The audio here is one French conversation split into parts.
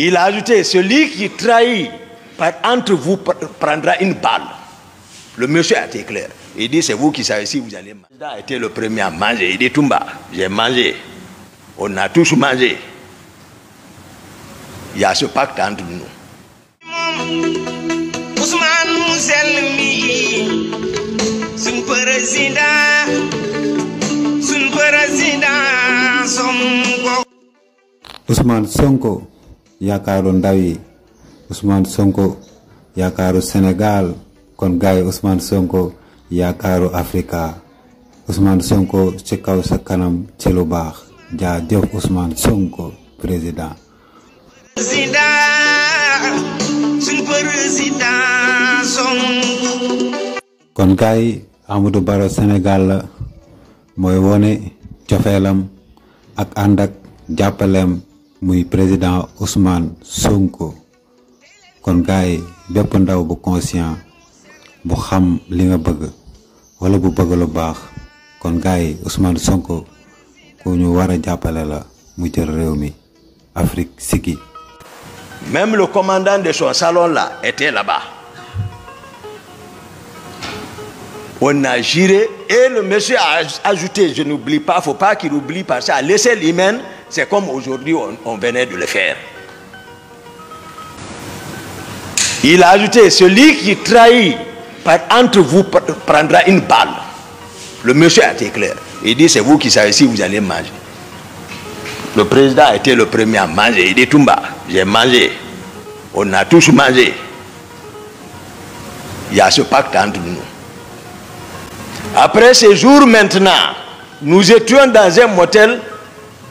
Il a ajouté, celui qui trahit entre vous prendra une balle. Le monsieur a été clair. Il dit, c'est vous qui savez si vous allez manger. Il a été le premier à manger. Il dit, Toumba, j'ai mangé. On a tous mangé. Il y a ce pacte entre nous. Ousmane Sonko yaakaaru ndaw yi Ousmane Sonko yaakaaru Sénégal kon gars yi Ousmane Sonko yaakaaru Afrika Ousmane Sonko ci kaw sa kanam ci lu baax jaajëf Ousmane Sonko président. kon gars yi Amadou Baro Sénégal la mooy wone cofeelam ak ànd ak muy président Ousmane Sonko kon gaay yi ndaw bu conscient bu xam li nga bëgg wala bu bëgg lu baax kon gaay Ousmane Sonko ku ñu wara jappalé la mu jël réew mi Afrique sigi Même le commandant de son salon là était là-bas. On a giré et le monsieur a ajouté, je n'oublie pas, faut pas qu'il oublie parce qu'il a laissé l'hymen c'est comme aujourd'hui on, venait de le faire. Il a ajouté, celui qui trahit par entre vous prendra une balle. Le monsieur a été clair. Il dit, c'est vous qui savez si vous allez manger. Le président a été le premier à manger. Il dit, Toumba, j'ai mangé. On a tous mangé. Il y a ce pacte entre nous. Après ces jours maintenant, nous étions dans un motel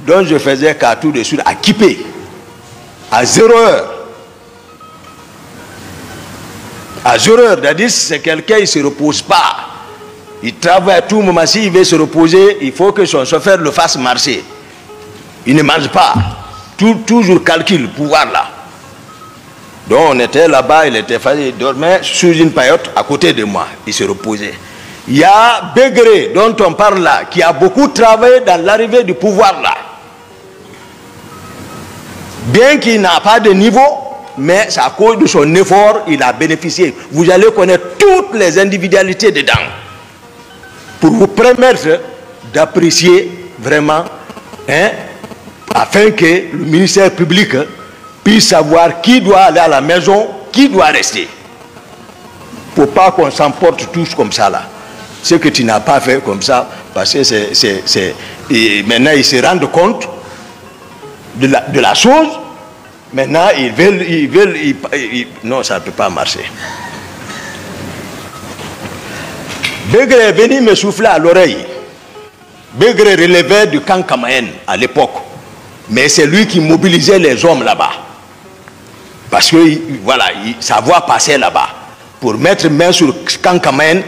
donc je faisais tout de suite, à Kipé, à zéro heure. À zéro heure, cest quelqu'un, il ne se repose pas. Il travaille à tout moment. S'il veut se reposer, il faut que son chauffeur le fasse marcher. Il ne mange pas. Tout, toujours calcule, pouvoir là. Donc on était là-bas, il était fatigué, il dormait sous une paillote à côté de moi. Il se reposait. Il y a Begré, dont on parle là, qui a beaucoup travaillé dans l'arrivée du pouvoir là. Bien qu'il n'a pas de niveau, mais à cause de son effort, il a bénéficié. Vous allez connaître toutes les individualités dedans pour vous permettre d'apprécier vraiment, hein, afin que le ministère public puisse savoir qui doit aller à la maison, qui doit rester. Pour pas qu'on s'emporte tous comme ça là. Ce que tu n'as pas fait comme ça, parce que c'est... Maintenant, ils se rendent compte de la, chose, maintenant ils veulent, veulent, non, ça ne peut pas marcher. Begré est venu me souffler à l'oreille. Begré relevait du camp Kamaen à l'époque. Mais c'est lui qui mobilisait les hommes là-bas. Parce que voilà, sa voix passait là-bas. Pour mettre main sur le camp Kamaen,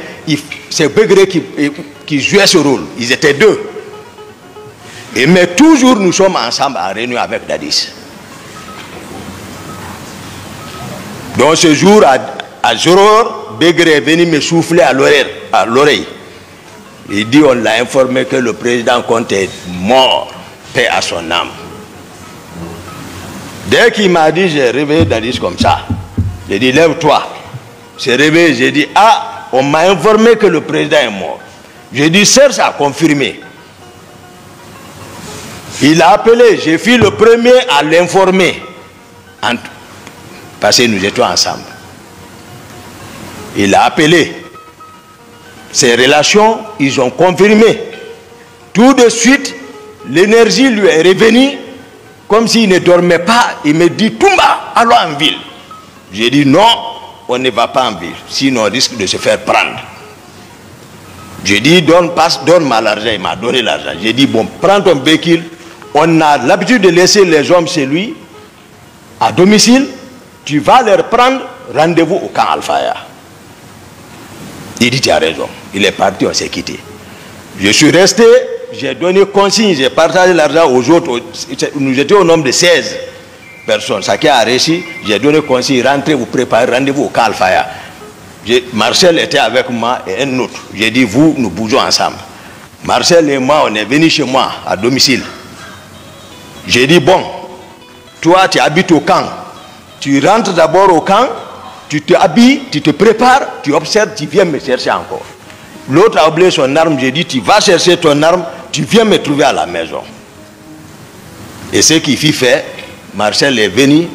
c'est Begré qui, qui jouait ce rôle. Ils étaient deux. Et, mais toujours nous sommes ensemble à réunion avec Dadis. Donc ce jour, à, à Zoror, Begré est venu me souffler à l'oreille. Il dit, on l'a informé que le président Comte est mort, paix à son âme. Dès qu'il m'a dit, j'ai réveillé Dadis comme ça. J'ai dit, lève-toi. J'ai réveillé, j'ai dit, ah, on m'a informé que le président est mort. J'ai dit, ça a confirmé il a appelé, j'ai fus le premier à l'informer. Parce que nous étions ensemble. Il a appelé. Ses relations, ils ont confirmé. Tout de suite, l'énergie lui est revenue. Comme s'il ne dormait pas, il me dit Toumba, allons en ville. J'ai dit non, on ne va pas en ville, sinon on risque de se faire prendre. J'ai dit donne, passe, donne-moi l'argent. Il m'a donné l'argent. J'ai dit bon, prends ton véhicule, on a l'habitude de laisser les hommes chez lui, à domicile. Tu vas leur prendre rendez-vous au camp Al-Faya Il dit, tu as raison. Il est parti, on s'est quitté. Je suis resté, j'ai donné consigne, j'ai partagé l'argent aux autres. Nous étions au nombre de 16 personnes. qui a réussi. J'ai donné consigne, rentrez, vous préparez rendez-vous au camp Al-Faya Marcel était avec moi et un autre. J'ai dit, vous, nous bougeons ensemble. Marcel et moi, on est venus chez moi, à domicile. J'ai dit, bon, toi, tu habites au camp. Tu rentres d'abord au camp, tu te habilles, tu te prépares, tu observes, tu viens me chercher encore. L'autre a oublié son arme, j'ai dit, tu vas chercher ton arme, tu viens me trouver à la maison. Et ce qu'il fit faire, Marcel est venu,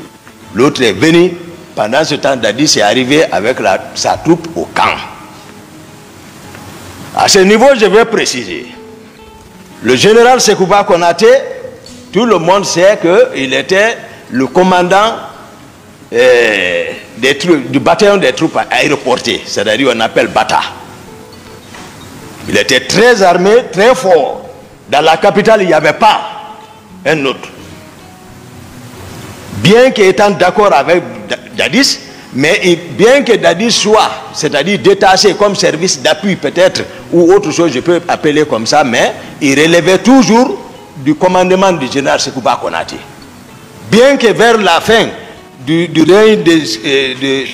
l'autre est venu. Pendant ce temps, Dadis s'est arrivé avec sa troupe au camp. À ce niveau, je vais préciser. Le général Sekouba Konate. Tout le monde sait qu'il était le commandant euh, des du bataillon des troupes aéroportées, c'est-à-dire on appelle Bata. Il était très armé, très fort. Dans la capitale, il n'y avait pas un autre. Bien qu'étant d'accord avec Dadis, mais bien que Dadis soit, c'est-à-dire détaché comme service d'appui peut-être, ou autre chose, je peux appeler comme ça, mais il relevait toujours du commandement du général Sekouba Konaté. Bien que vers la fin du, du règne euh,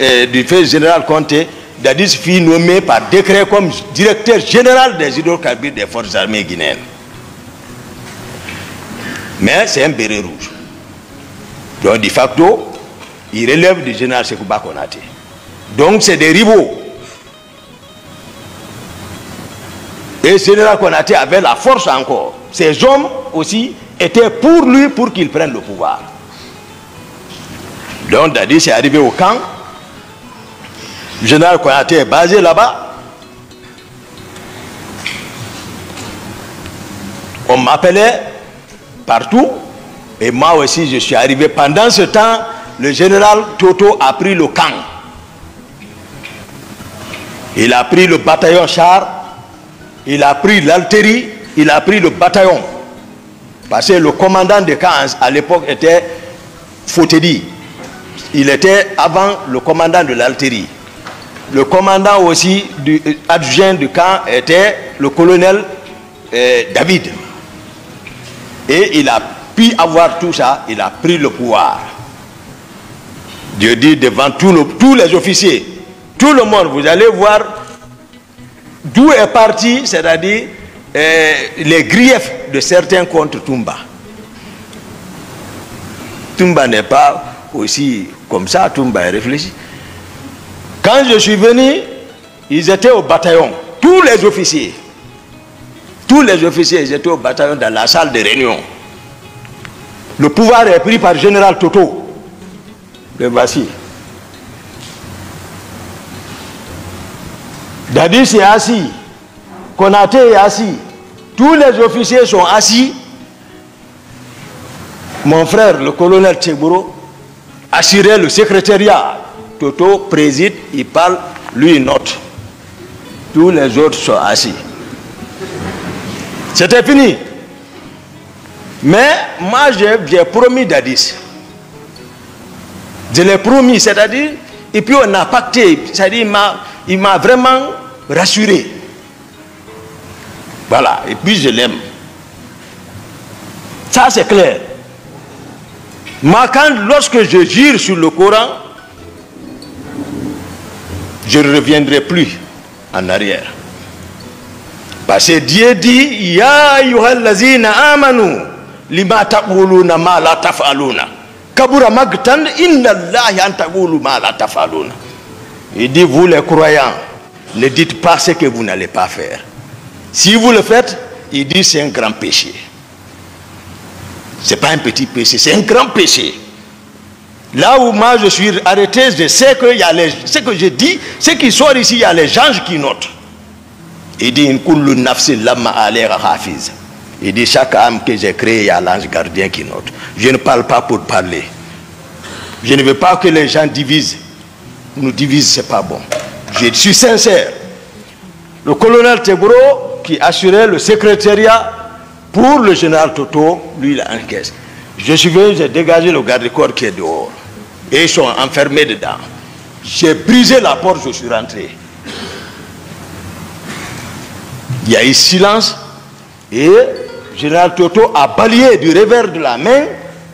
euh, du fait général Konaté, Dadis fut nommé par décret comme directeur général des hydrocarbures des forces armées guinéennes. Mais c'est un béret rouge. Donc, de facto, il relève du général Sekouba Konaté. Donc, c'est des rivaux. Et le général Konaté avait la force encore ces hommes aussi étaient pour lui pour qu'il prenne le pouvoir. Donc Dadi est arrivé au camp. Le général Koyate est basé là-bas. On m'appelait partout. Et moi aussi, je suis arrivé. Pendant ce temps, le général Toto a pris le camp. Il a pris le bataillon char. Il a pris l'altérie il a pris le bataillon. Parce que le commandant de camp... à l'époque, était Fotedi. Il était avant le commandant de l'Altérie. Le commandant aussi du euh, adjoint du camp était le colonel euh, David. Et il a pu avoir tout ça, il a pris le pouvoir. Dieu dit devant tous les officiers, tout le monde, vous allez voir d'où est parti, c'est-à-dire eh, les griefs de certains contre Tumba. Tumba n'est pas aussi comme ça, Tumba est réfléchi. Quand je suis venu, ils étaient au bataillon, tous les officiers. Tous les officiers ils étaient au bataillon dans la salle de réunion. Le pouvoir est pris par général Toto. Le voici. Dadis est assis qu'on est assis. Tous les officiers sont assis. Mon frère, le colonel Cheburo assurait le secrétariat. Toto préside, il parle, lui il note. Tous les autres sont assis. C'était fini. Mais moi, j'ai promis Dadis. Je l'ai promis, c'est-à-dire, et puis on a pacté, c'est-à-dire, il m'a vraiment rassuré. Voilà, et puis je l'aime. Ça, c'est clair. Mais lorsque je gire sur le Coran, je ne reviendrai plus en arrière. Parce que Dieu dit, Ya amanu, lima ma Kabura magtan, inna ma la Il dit, vous les croyants, ne dites pas ce que vous n'allez pas faire. Si vous le faites, il dit c'est un grand péché. Ce n'est pas un petit péché, c'est un grand péché. Là où moi je suis arrêté, je sais que y a ce que je dis, ce qui sort ici, il y a les anges qui notent. Il dit Il dit chaque âme que j'ai créée, il y a l'ange gardien qui note. Je ne parle pas pour parler. Je ne veux pas que les gens divisent. Nous divisent, ce n'est pas bon. Je suis sincère. Le colonel Tebro qui assurait le secrétariat pour le général Toto, lui, il a en caisse. Je suis venu, j'ai dégagé le garde-corps qui est dehors. Et ils sont enfermés dedans. J'ai brisé la porte, je suis rentré. Il y a eu silence. Et le général Toto a balayé du revers de la main,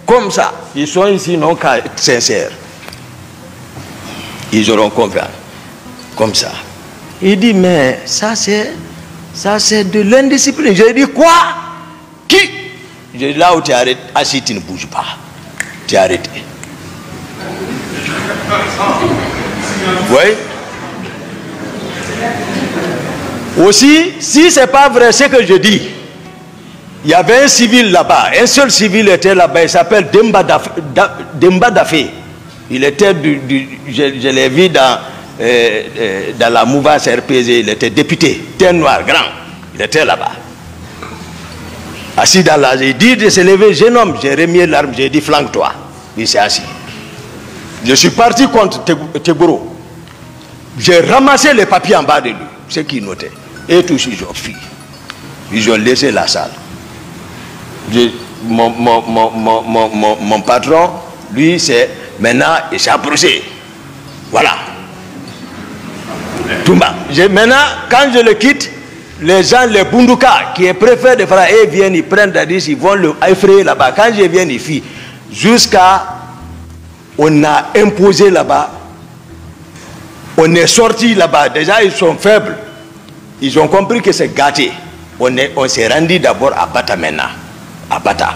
comme ça. Ils sont ici non sincères. Ils auront confiance. Comme ça. Il dit, mais ça c'est ça, c'est de l'indiscipline. J'ai dit quoi Qui J'ai dit là où tu arrêtes, assis, tu ne bouges pas. Tu es arrêté. Aussi, si ce n'est pas vrai ce que je dis, il y avait un civil là-bas, un seul civil était là-bas, il s'appelle Demba Dafé. Il était du, je l'ai vu dans, dans la mouvance RPG, il était député, terre noir, grand, il était là-bas. Assis dans la, j'ai dit de se lever, jeune homme, j'ai remis l'arme, j'ai dit flanque-toi. Il s'est assis. Je suis parti contre Tegoro. J'ai ramassé les papiers en bas de lui, ce qu'il notait. Et tous, ils ont fui. Ils ont laissé la salle. mon, mon patron, lui, c'est maintenant, il s'est approché. Voilà. Toumba. maintenant, quand je le quitte, les gens, les Bunduka, qui est préfet de Fara, ils viennent, ils prennent disque, ils vont le effrayer là-bas. Quand je viens ici, jusqu'à. On a imposé là-bas. On est sorti là-bas. Déjà, ils sont faibles. Ils ont compris que c'est gâté. On s'est on rendu d'abord à Bata maintenant. À Bata.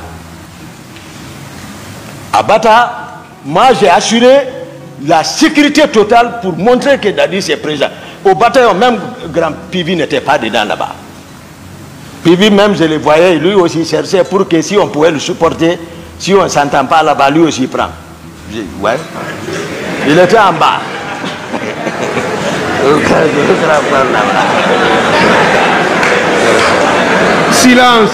À Bata, moi j'ai assuré la sécurité totale pour montrer que Dadis est présent. Au bataillon, même Grand Pivi n'était pas dedans là-bas. Pivi même, je le voyais, lui aussi cherchait pour que si on pouvait le supporter, si on ne s'entend pas là-bas, lui aussi prend. Je, ouais. Il était en bas. Silence.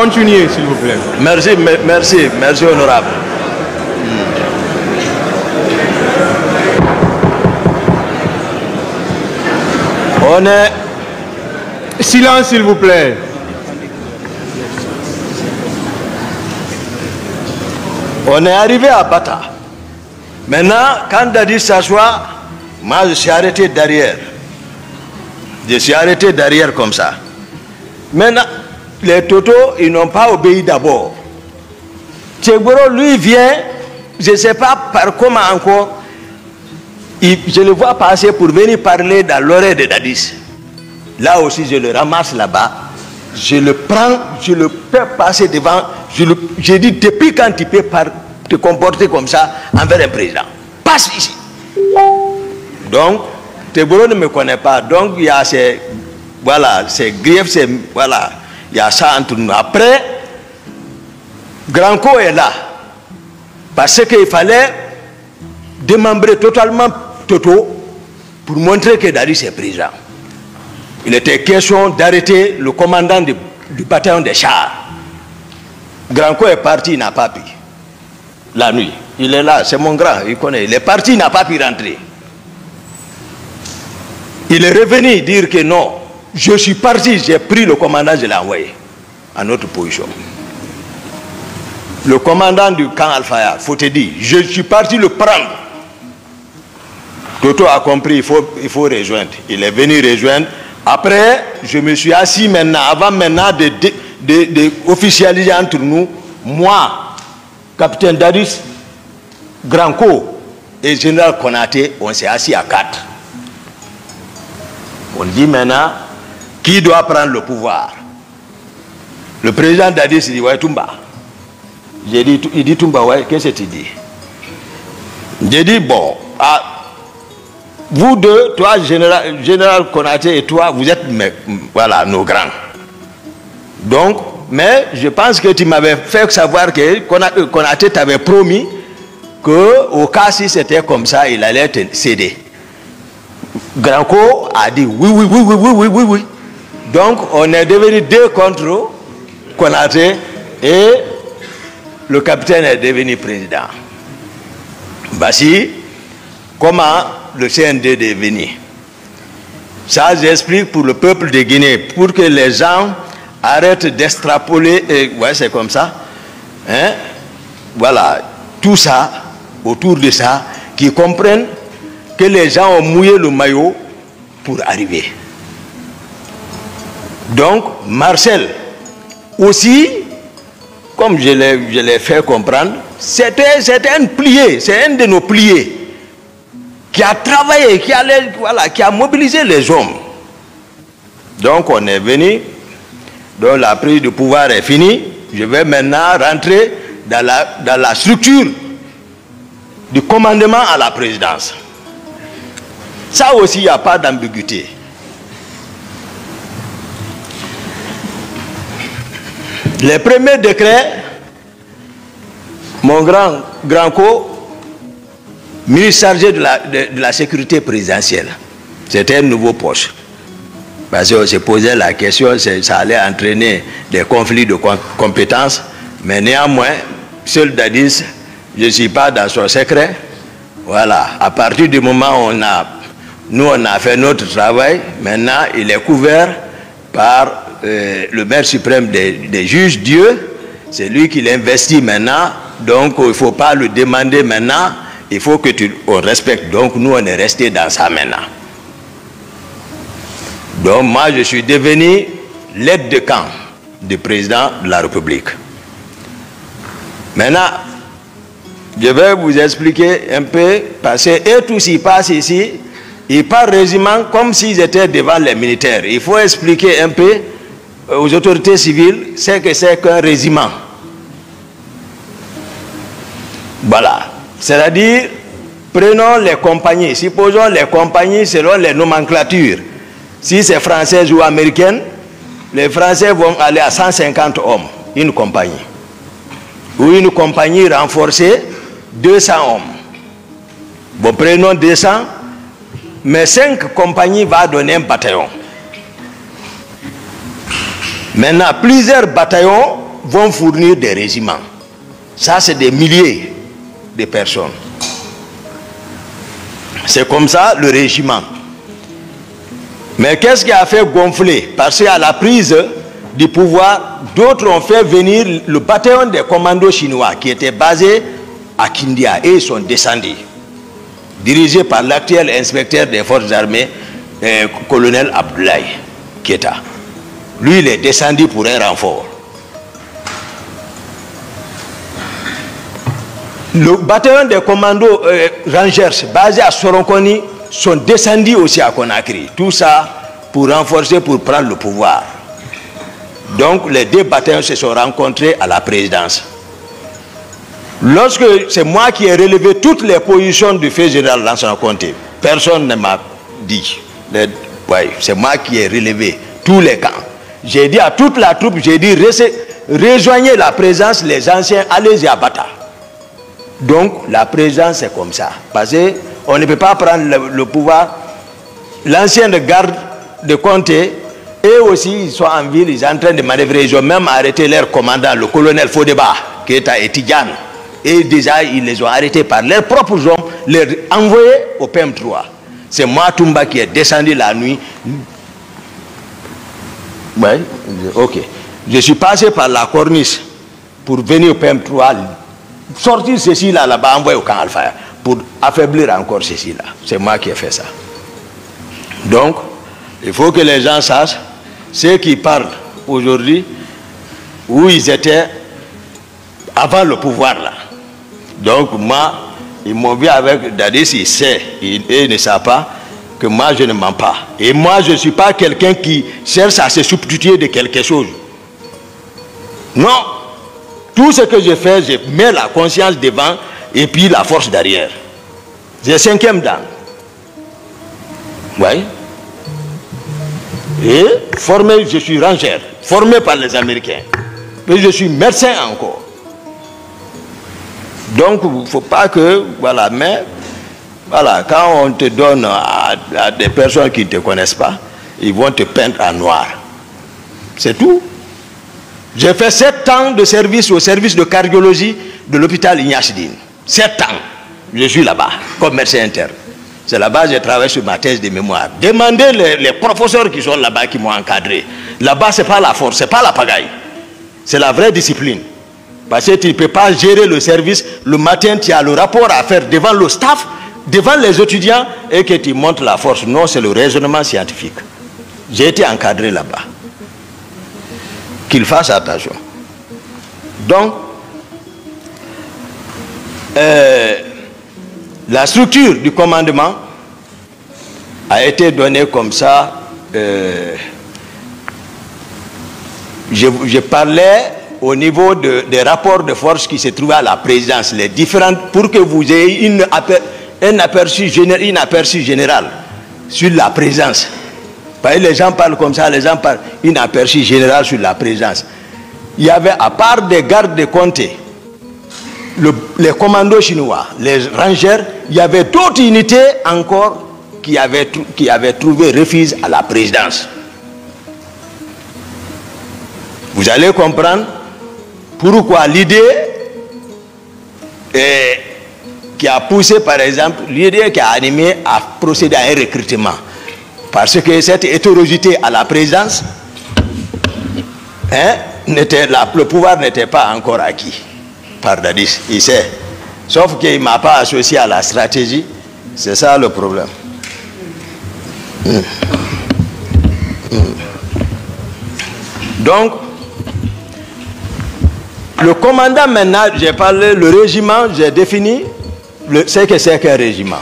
Continuez, s'il vous plaît. Merci, merci, merci, honorable. On est... Silence, s'il vous plaît. On est arrivé à Bata. Maintenant, quand Daddy s'assoit, moi je suis arrêté derrière. Je suis arrêté derrière comme ça. Maintenant, les Toto, ils n'ont pas obéi d'abord. Tchegboro, lui, vient, je ne sais pas par comment encore, je le vois passer pour venir parler dans l'oreille de Dadis. Là aussi, je le ramasse là-bas, je le prends, je le peux passer devant, je, dis, depuis quand tu peux te comporter comme ça envers un président Passe ici. Donc, Tchegboro ne me connaît pas, donc il y a ces, voilà, ces griefs, ces, voilà, il y a ça entre nous. Après, Granco est là. Parce qu'il fallait démembrer totalement Toto pour montrer que Darius est présent. Il était question d'arrêter le commandant du, bataillon des chars. Granco est parti, il n'a pas pu. La nuit. Il est là, c'est mon grand, il connaît. Il est parti, il n'a pas pu rentrer. Il est revenu dire que non, je suis parti, j'ai pris le commandant, je l'ai envoyé à notre position. Le commandant du camp Alphaya, faut te dire, je suis parti le prendre. Toto a compris, il faut, il faut rejoindre. Il est venu rejoindre. Après, je me suis assis maintenant, avant maintenant de, de, de, entre nous, moi, capitaine Daris Granco et général Konate, on s'est assis à quatre. On dit maintenant, qui doit prendre le pouvoir Le président Dadis dit Ouais, Toumba. il dit Toumba, ouais, qu'est-ce que tu dis J'ai dit Bon, ah, vous deux, toi, général, général Konaté et toi, vous êtes voilà, nos grands. Donc, mais je pense que tu m'avais fait savoir que euh, Konaté t'avait promis que au cas si c'était comme ça, il allait te céder. Granco a dit oui, oui, oui, oui, oui, oui, oui. Donc on est devenu deux contre Konaté et le capitaine est devenu président. Voici comment le CND est devenu Ça, j'explique pour le peuple de Guinée, pour que les gens arrêtent d'extrapoler. Et... Ouais, c'est comme ça. Hein. Voilà, tout ça, autour de ça, qui comprennent que les gens ont mouillé le maillot pour arriver. Donc, Marcel, aussi, comme je l'ai fait comprendre, c'était un plié, c'est un de nos pliés qui a travaillé, qui a, voilà, qui a mobilisé les hommes. Donc, on est venu, dans la prise de pouvoir est finie. Je vais maintenant rentrer dans la, dans la structure du commandement à la présidence. Ça aussi, il n'y a pas d'ambiguïté. Le premier décret, mon grand, grand co, ministre chargé de la, de, la sécurité présidentielle, c'était un nouveau poste. Parce qu'on se posé la question, ça allait entraîner des conflits de compétences, mais néanmoins, seul Dadis, je ne suis pas dans son secret. Voilà, à partir du moment où on a, nous on a fait notre travail, maintenant il est couvert par euh, le maire suprême des, juges, Dieu, c'est lui qui l'investit maintenant, donc il ne faut pas le demander maintenant, il faut que tu on respecte. Donc nous, on est resté dans ça maintenant. Donc moi, je suis devenu l'aide de camp du président de la République. Maintenant, je vais vous expliquer un peu, parce que tout tous, ils passent ici, ils parlent résiment comme s'ils étaient devant les militaires. Il faut expliquer un peu euh, aux autorités civiles c'est que c'est qu'un régiment. Voilà. C'est-à-dire, prenons les compagnies, supposons les compagnies selon les nomenclatures. Si c'est française ou américaine, les Français vont aller à 150 hommes, une compagnie. Ou une compagnie renforcée, 200 hommes. Bon, prenons 200, mais 5 compagnies vont donner un bataillon. Maintenant, plusieurs bataillons vont fournir des régiments. Ça, c'est des milliers de personnes. C'est comme ça le régiment. Mais qu'est-ce qui a fait gonfler Parce qu'à la prise du pouvoir, d'autres ont fait venir le bataillon des commandos chinois qui était basé à Kindia et ils sont descendus. Dirigés par l'actuel inspecteur des forces armées, euh, colonel Abdoulaye Keta. Lui, il est descendu pour un renfort. Le bataillon des commandos euh, Rangers, basé à Soronconi, sont descendus aussi à Conakry. Tout ça pour renforcer, pour prendre le pouvoir. Donc, les deux bataillons se sont rencontrés à la présidence. Lorsque c'est moi qui ai relevé toutes les positions du fait général dans son comté, personne ne m'a dit. c'est moi qui ai relevé tous les camps. J'ai dit à toute la troupe, j'ai dit, rejoignez la présence, les anciens, allez-y à Bata. Donc, la présence est comme ça. Parce qu'on ne peut pas prendre le, pouvoir. L'ancien de garde de comté, eux aussi, ils sont en ville, ils sont en train de manœuvrer. Ils ont même arrêté leur commandant, le colonel Fodeba, qui est à Etidiane. Et déjà, ils les ont arrêtés par leurs propres hommes, les envoyés au PM3. C'est Toumba, qui est descendu la nuit ok. Je suis passé par la cornice pour venir au PM3, sortir ceci là, là-bas, envoyer au camp Alpha, pour affaiblir encore ceci là. C'est moi qui ai fait ça. Donc, il faut que les gens sachent, ceux qui parlent aujourd'hui, où ils étaient avant le pouvoir là. Donc moi, ils m'ont vu avec Dadis, il sait, ne sait pas que moi je ne mens pas. Et moi je ne suis pas quelqu'un qui cherche à se substituer de quelque chose. Non. Tout ce que je fais, je mets la conscience devant et puis la force derrière. J'ai cinquième dent. Oui. Et formé, je suis ranger. formé par les Américains. Mais je suis médecin encore. Donc, il ne faut pas que, voilà, mais voilà, quand on te donne à, des personnes qui ne te connaissent pas, ils vont te peindre en noir. C'est tout. J'ai fait sept ans de service au service de cardiologie de l'hôpital Ignachidine. Sept ans. Je suis là-bas, comme médecin interne. C'est là-bas que je travaille sur ma thèse de mémoire. Demandez les, les professeurs qui sont là-bas, qui m'ont encadré. Là-bas, ce n'est pas la force, ce n'est pas la pagaille. C'est la vraie discipline. Parce que tu ne peux pas gérer le service. Le matin, tu as le rapport à faire devant le staff devant les étudiants et que tu montres la force. Non, c'est le raisonnement scientifique. J'ai été encadré là-bas. Qu'il fasse attention. Donc, euh, la structure du commandement a été donnée comme ça. Euh, je, parlais au niveau des rapports de force qui se trouvaient à la présidence, les différentes, pour que vous ayez une, un aperçu, général, une aperçu sur la présence. Parce les gens parlent comme ça, les gens parlent une aperçu général sur la présence. Il y avait, à part des gardes de comté, les commandos chinois, les rangers, il y avait toute unité encore qui avaient, qui trouvé refuge à la présidence. Vous allez comprendre pourquoi l'idée est qui a poussé, par exemple, l'idée qui a animé à procéder à un recrutement. Parce que cette hétérosité à la présence, hein, le pouvoir n'était pas encore acquis par Dadis. Il sait. Sauf qu'il ne m'a pas associé à la stratégie. C'est ça le problème. Hmm. Hmm. Donc, le commandant maintenant, j'ai parlé, le régiment, j'ai défini, c'est que c'est qu'un régiment.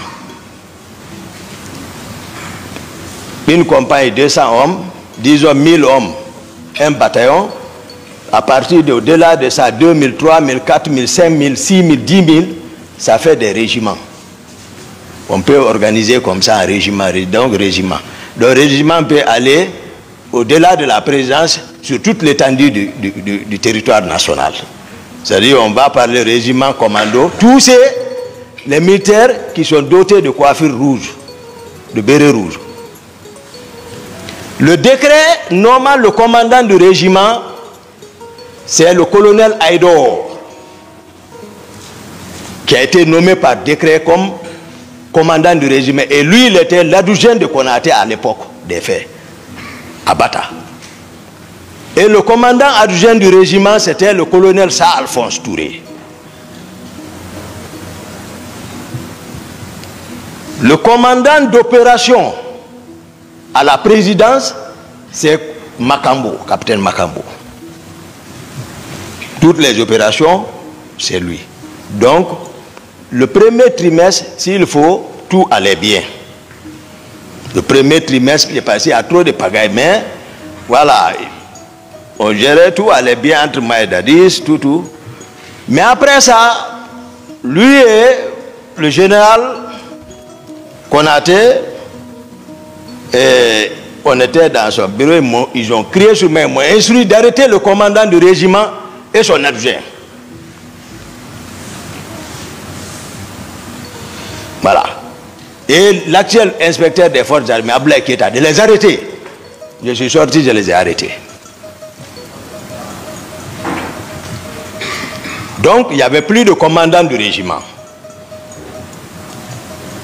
Une compagnie, 200 hommes, disons 1000 hommes, un bataillon, à partir de, au-delà de ça, 2000, 3000, 4000, 5000, 6000, 10 000, ça fait des régiments. On peut organiser comme ça un régiment, donc régiment. Le régiment peut aller au-delà de la présence sur toute l'étendue du, territoire national. C'est-à-dire, on va parler régiment, commando, tous ces les militaires qui sont dotés de coiffures rouges, de bérets rouges. Le décret normal, le commandant du régiment, c'est le colonel Aïdor, qui a été nommé par décret comme commandant du régiment. Et lui, il était l'adjoint de Konaté à l'époque des faits, à Bata. Et le commandant adjoint du régiment, c'était le colonel Sa Alphonse Touré. Le commandant d'opération à la présidence, c'est Macambo, capitaine Makambo. Toutes les opérations, c'est lui. Donc, le premier trimestre, s'il faut, tout allait bien. Le premier trimestre, il est passé à trop de pagailles, mais voilà, on gérait tout, allait bien entre Maïdadis tout, tout. Mais après ça, lui et le général qu'on eh, on était dans son bureau, ils ont crié sur moi, ils m'ont instruit d'arrêter le commandant du régiment et son adjoint. Voilà. Et l'actuel inspecteur des forces armées, Ablai Kieta, de les arrêter. Je suis sorti, je les ai arrêtés. Donc, il n'y avait plus de commandant du régiment.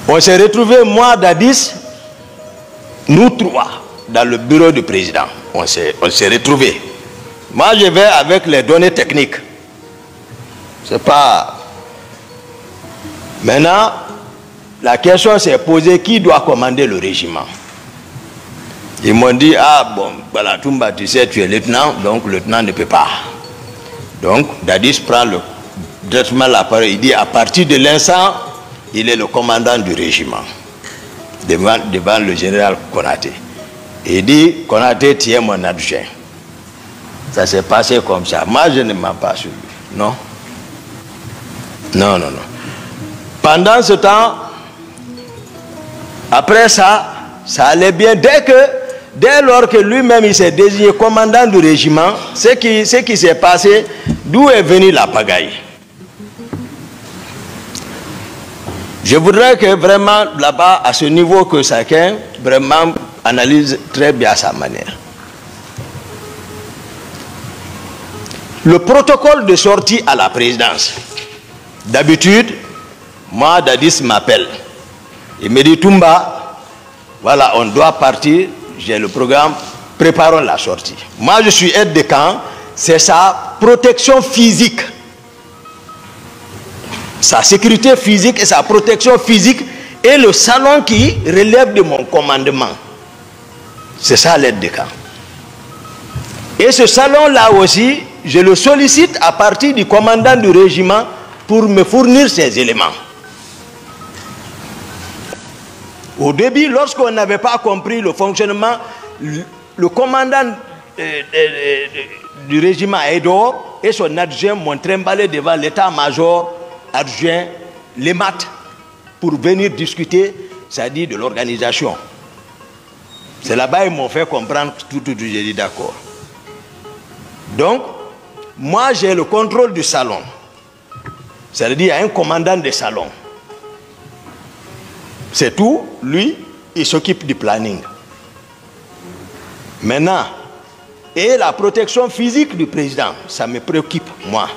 On s'est retrouvé, moi, Dadis, nous trois, dans le bureau du président. On s'est retrouvés. Moi, je vais avec les données techniques. C'est pas. Maintenant, la question s'est posée qui doit commander le régiment Ils m'ont dit Ah, bon, voilà, Toumba, tu sais, tu es lieutenant, donc le lieutenant ne peut pas. Donc, Dadis prend le la parole. Il dit À partir de l'instant il est le commandant du régiment, devant, le général Konaté. Il dit, Konaté, tiens mon adjoint. Ça s'est passé comme ça. Moi, je ne suis pas suivi Non. Non, non, non. Pendant ce temps, après ça, ça allait bien. Dès que, dès lors que lui-même il s'est désigné commandant du régiment, ce qui, ce qui s'est passé, d'où est venue la pagaille Je voudrais que vraiment, là-bas, à ce niveau, que chacun vraiment analyse très bien sa manière. Le protocole de sortie à la présidence. D'habitude, moi, Dadis m'appelle. Il me dit, Toumba, voilà, on doit partir, j'ai le programme, préparons la sortie. Moi, je suis aide de camp, c'est sa protection physique sa sécurité physique et sa protection physique et le salon qui relève de mon commandement. C'est ça l'aide de camp. Et ce salon-là aussi, je le sollicite à partir du commandant du régiment pour me fournir ces éléments. Au début, lorsqu'on n'avait pas compris le fonctionnement, le commandant euh, euh, euh, du régiment Edo et son adjoint m'ont trimballé devant l'état-major adjoint les maths pour venir discuter, c'est-à-dire de l'organisation. C'est là-bas ils m'ont fait comprendre tout, tout, tout. J'ai dit d'accord. Donc, moi j'ai le contrôle du salon. C'est-à-dire il y a un commandant de salon. C'est tout. Lui, il s'occupe du planning. Maintenant, et la protection physique du président, ça me préoccupe, moi.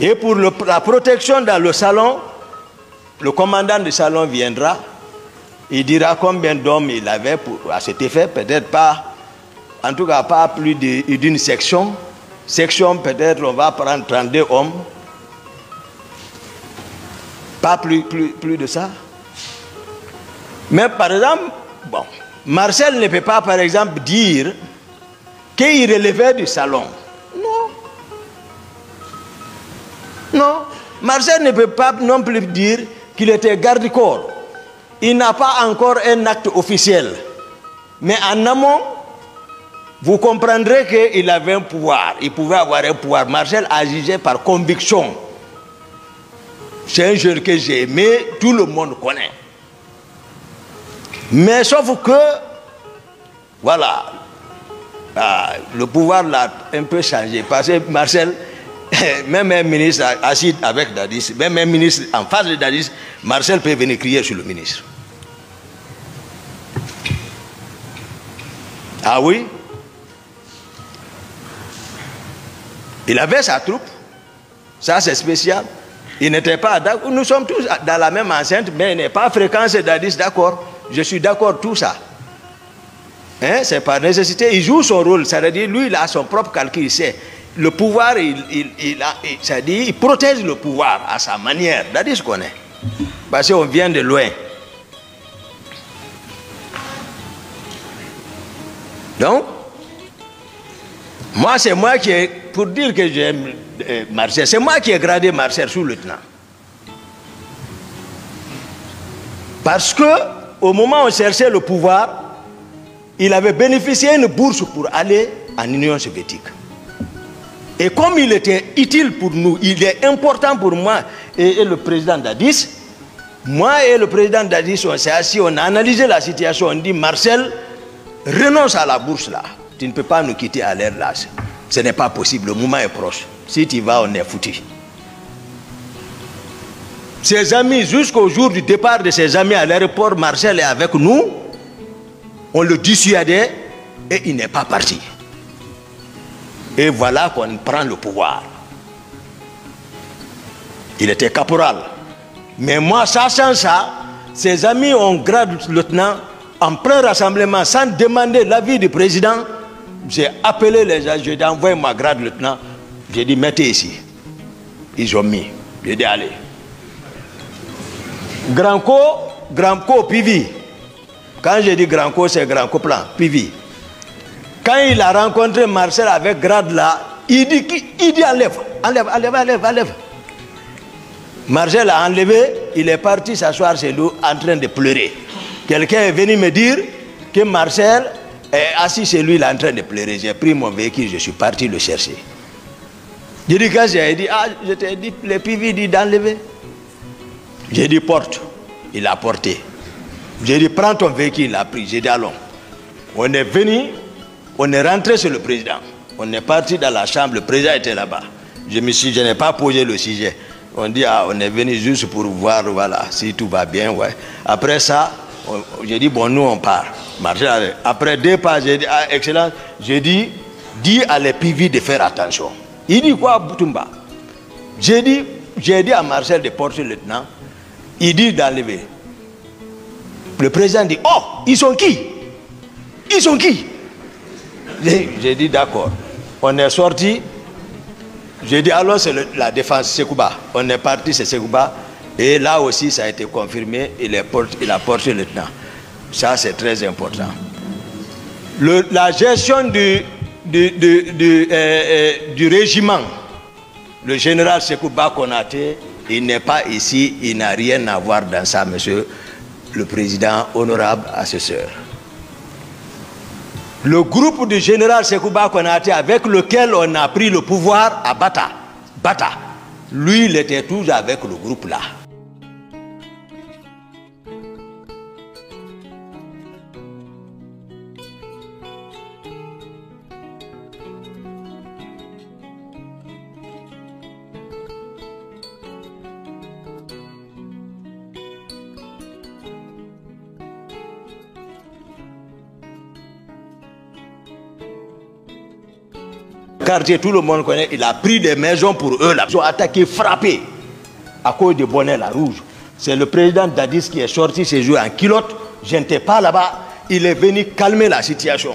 Et pour la protection dans le salon, le commandant du salon viendra. Il dira combien d'hommes il avait pour, à cet effet, peut-être pas, en tout cas pas plus d'une section. Section, peut-être on va prendre 32 hommes. Pas plus, plus de ça. Mais par exemple, bon, Marcel ne peut pas, par exemple, dire qu'il relevait du salon. Non. Marcel ne peut pas non plus dire qu'il était garde-corps. Il n'a pas encore un acte officiel. Mais en amont, vous comprendrez qu'il avait un pouvoir. Il pouvait avoir un pouvoir. Marcel agissait par conviction. C'est un jeu que j'ai aimé, tout le monde connaît. Mais sauf que, voilà, ah, le pouvoir l'a un peu changé. Parce que Marcel, eh, même un ministre assis avec Dadis, même un ministre en face de Dadis, Marcel peut venir crier sur le ministre. Ah oui Il avait sa troupe, ça c'est spécial. Il n'était pas d'accord. Nous sommes tous dans la même enceinte, mais il n'est pas fréquenté Dadis, d'accord. Je suis d'accord, tout ça. Hein, c'est par nécessité. Il joue son rôle, ça veut dire lui, il a son propre calcul, il sait le pouvoir, il, a, ça dit, il protège le pouvoir à sa manière. D'ailleurs, ce qu'on est. Parce qu'on vient de loin. Donc, moi, c'est moi qui ai, pour dire que j'aime euh, Marcel, c'est moi qui ai gradé Marcel sous-lieutenant. Parce que, au moment où on cherchait le pouvoir, il avait bénéficié d'une bourse pour aller en Union soviétique. Et comme il était utile pour nous, il est important pour moi et, le président Dadis, moi et le président Dadis, on s'est assis, on a analysé la situation, on dit Marcel, renonce à la bourse là. Tu ne peux pas nous quitter à l'air là. Ce n'est pas possible, le moment est proche. Si tu vas, on est foutu. Ses amis, jusqu'au jour du départ de ses amis à l'aéroport, Marcel est avec nous. On le dissuadait et il n'est pas parti. Et voilà qu'on prend le pouvoir. Il était caporal. Mais moi, sachant ça, ses amis ont grade lieutenant en plein rassemblement, sans demander l'avis du président. J'ai appelé les gens, j'ai envoyé ma grade lieutenant. J'ai dit, mettez ici. Ils ont mis. J'ai dit, allez. Grand co, grand co, Pivi. Quand j'ai dit grand co, c'est grand plan Pivi. Quand il a rencontré Marcel avec Grade là, il dit, il dit enlève, enlève, enlève, enlève, Marcel a enlevé, il est parti s'asseoir chez nous en train de pleurer. Quelqu'un est venu me dire que Marcel est assis chez lui, en train de pleurer. J'ai pris mon véhicule, je suis parti le chercher. J'ai dit, quand j'ai dit, ah, je t'ai dit, le PV dit d'enlever. J'ai dit, porte. Il a porté. J'ai dit, prends ton véhicule, il a pris. J'ai dit, allons. On est venu on est rentré sur le président. On est parti dans la chambre, le président était là-bas. Je me suis, je n'ai pas posé le sujet. On dit, ah, on est venu juste pour voir, voilà, si tout va bien, ouais. Après ça, j'ai dit, bon, nous, on part. Après deux pas, j'ai dit, ah, excellent. J'ai dit, dis à l'EPV de faire attention. Il dit quoi, Boutumba J'ai dit, j'ai dit à Marcel de porter le lieutenant, il dit d'enlever. Le président dit, oh, ils sont qui Ils sont qui j'ai dit d'accord. On est sorti. J'ai dit alors c'est la défense Sekouba. On est parti, c'est Sekouba. Et là aussi, ça a été confirmé. Il, a porté le lieutenant. Ça, c'est très important. la gestion du, du, euh, euh, du régiment, le général Sekouba Konaté, il n'est pas ici, il n'a rien à voir dans ça, monsieur le président honorable assesseur le groupe du général Sekouba Konaté avec lequel on a pris le pouvoir à Bata, Bata, lui, il était toujours avec le groupe là. tout le monde connaît, il a pris des maisons pour eux là. Ils ont attaqué, frappé à cause de Bonnet la Rouge. C'est le président Dadis qui est sorti ce joué en culotte. Je n'étais pas là-bas. Il est venu calmer la situation.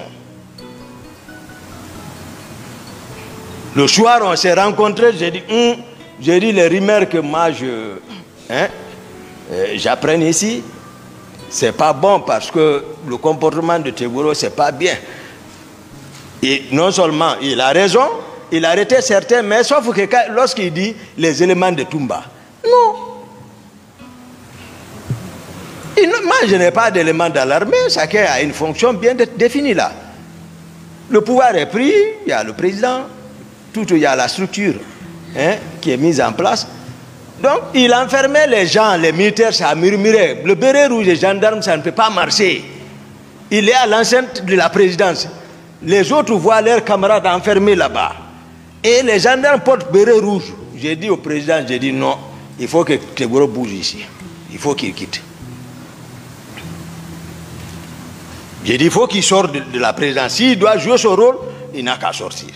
Le soir, on s'est rencontré, J'ai dit, hum, j'ai dit les rumeurs que moi je, hein, euh, j'apprenne ici, c'est pas bon parce que le comportement de ce c'est pas bien. Et non seulement il a raison, il a arrêté certains, mais sauf que lorsqu'il dit les éléments de Toumba, non. moi, je n'ai pas d'éléments dans l'armée, ça a une fonction bien définie là. Le pouvoir est pris, il y a le président, tout, il y a la structure hein, qui est mise en place. Donc, il enfermait les gens, les militaires, ça murmurait. Le béret rouge, les gendarmes, ça ne peut pas marcher. Il est à l'enceinte de la présidence. Les autres voient leurs camarades enfermés là-bas. Et les gendarmes portent béret rouge. J'ai dit au président, j'ai dit non, il faut que Tegoro bouge ici. Il faut qu'il quitte. J'ai dit, il faut qu'il sorte de, la présidence. S'il doit jouer son rôle, il n'a qu'à sortir.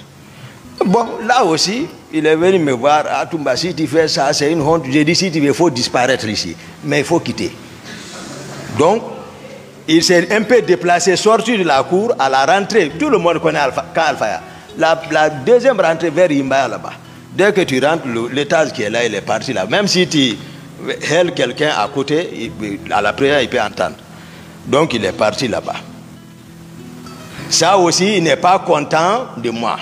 Bon, là aussi, il est venu me voir. à ah, Toumba, si tu fais ça, c'est une honte. J'ai dit, si tu veux, il faut disparaître ici. Mais il faut quitter. Donc, il s'est un peu déplacé, sorti de la cour à la rentrée. Tout le monde connaît Alpha, La, deuxième rentrée vers Imbaya là-bas. Dès que tu rentres, l'étage qui est là, il est parti là. Même si tu hèles quelqu'un à côté, à la prière, il peut entendre. Donc il est parti là-bas. Ça aussi, il n'est pas content de moi.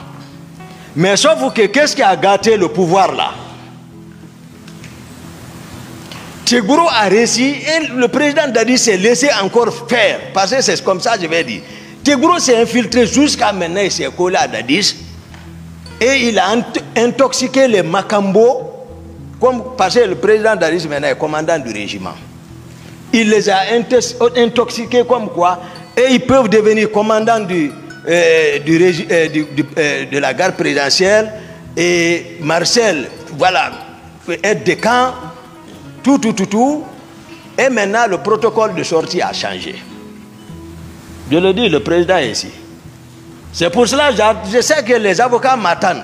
Mais sauf que qu'est-ce qui a gâté le pouvoir là Teguro a réussi et le président Dadis s'est laissé encore faire, parce que c'est comme ça je vais dire. Teguro s'est infiltré jusqu'à maintenant, il s'est collé à Dadis et il a intoxiqué les Macambo, comme, parce que le président Dadis maintenant est commandant du régiment. Il les a intoxiqués comme quoi, et ils peuvent devenir commandants du, euh, euh, euh, de la garde présidentielle. Et Marcel, voilà, être camps tout, tout, tout, tout. Et maintenant, le protocole de sortie a changé. Je le dis, le président est ici. C'est pour cela que je sais que les avocats m'attendent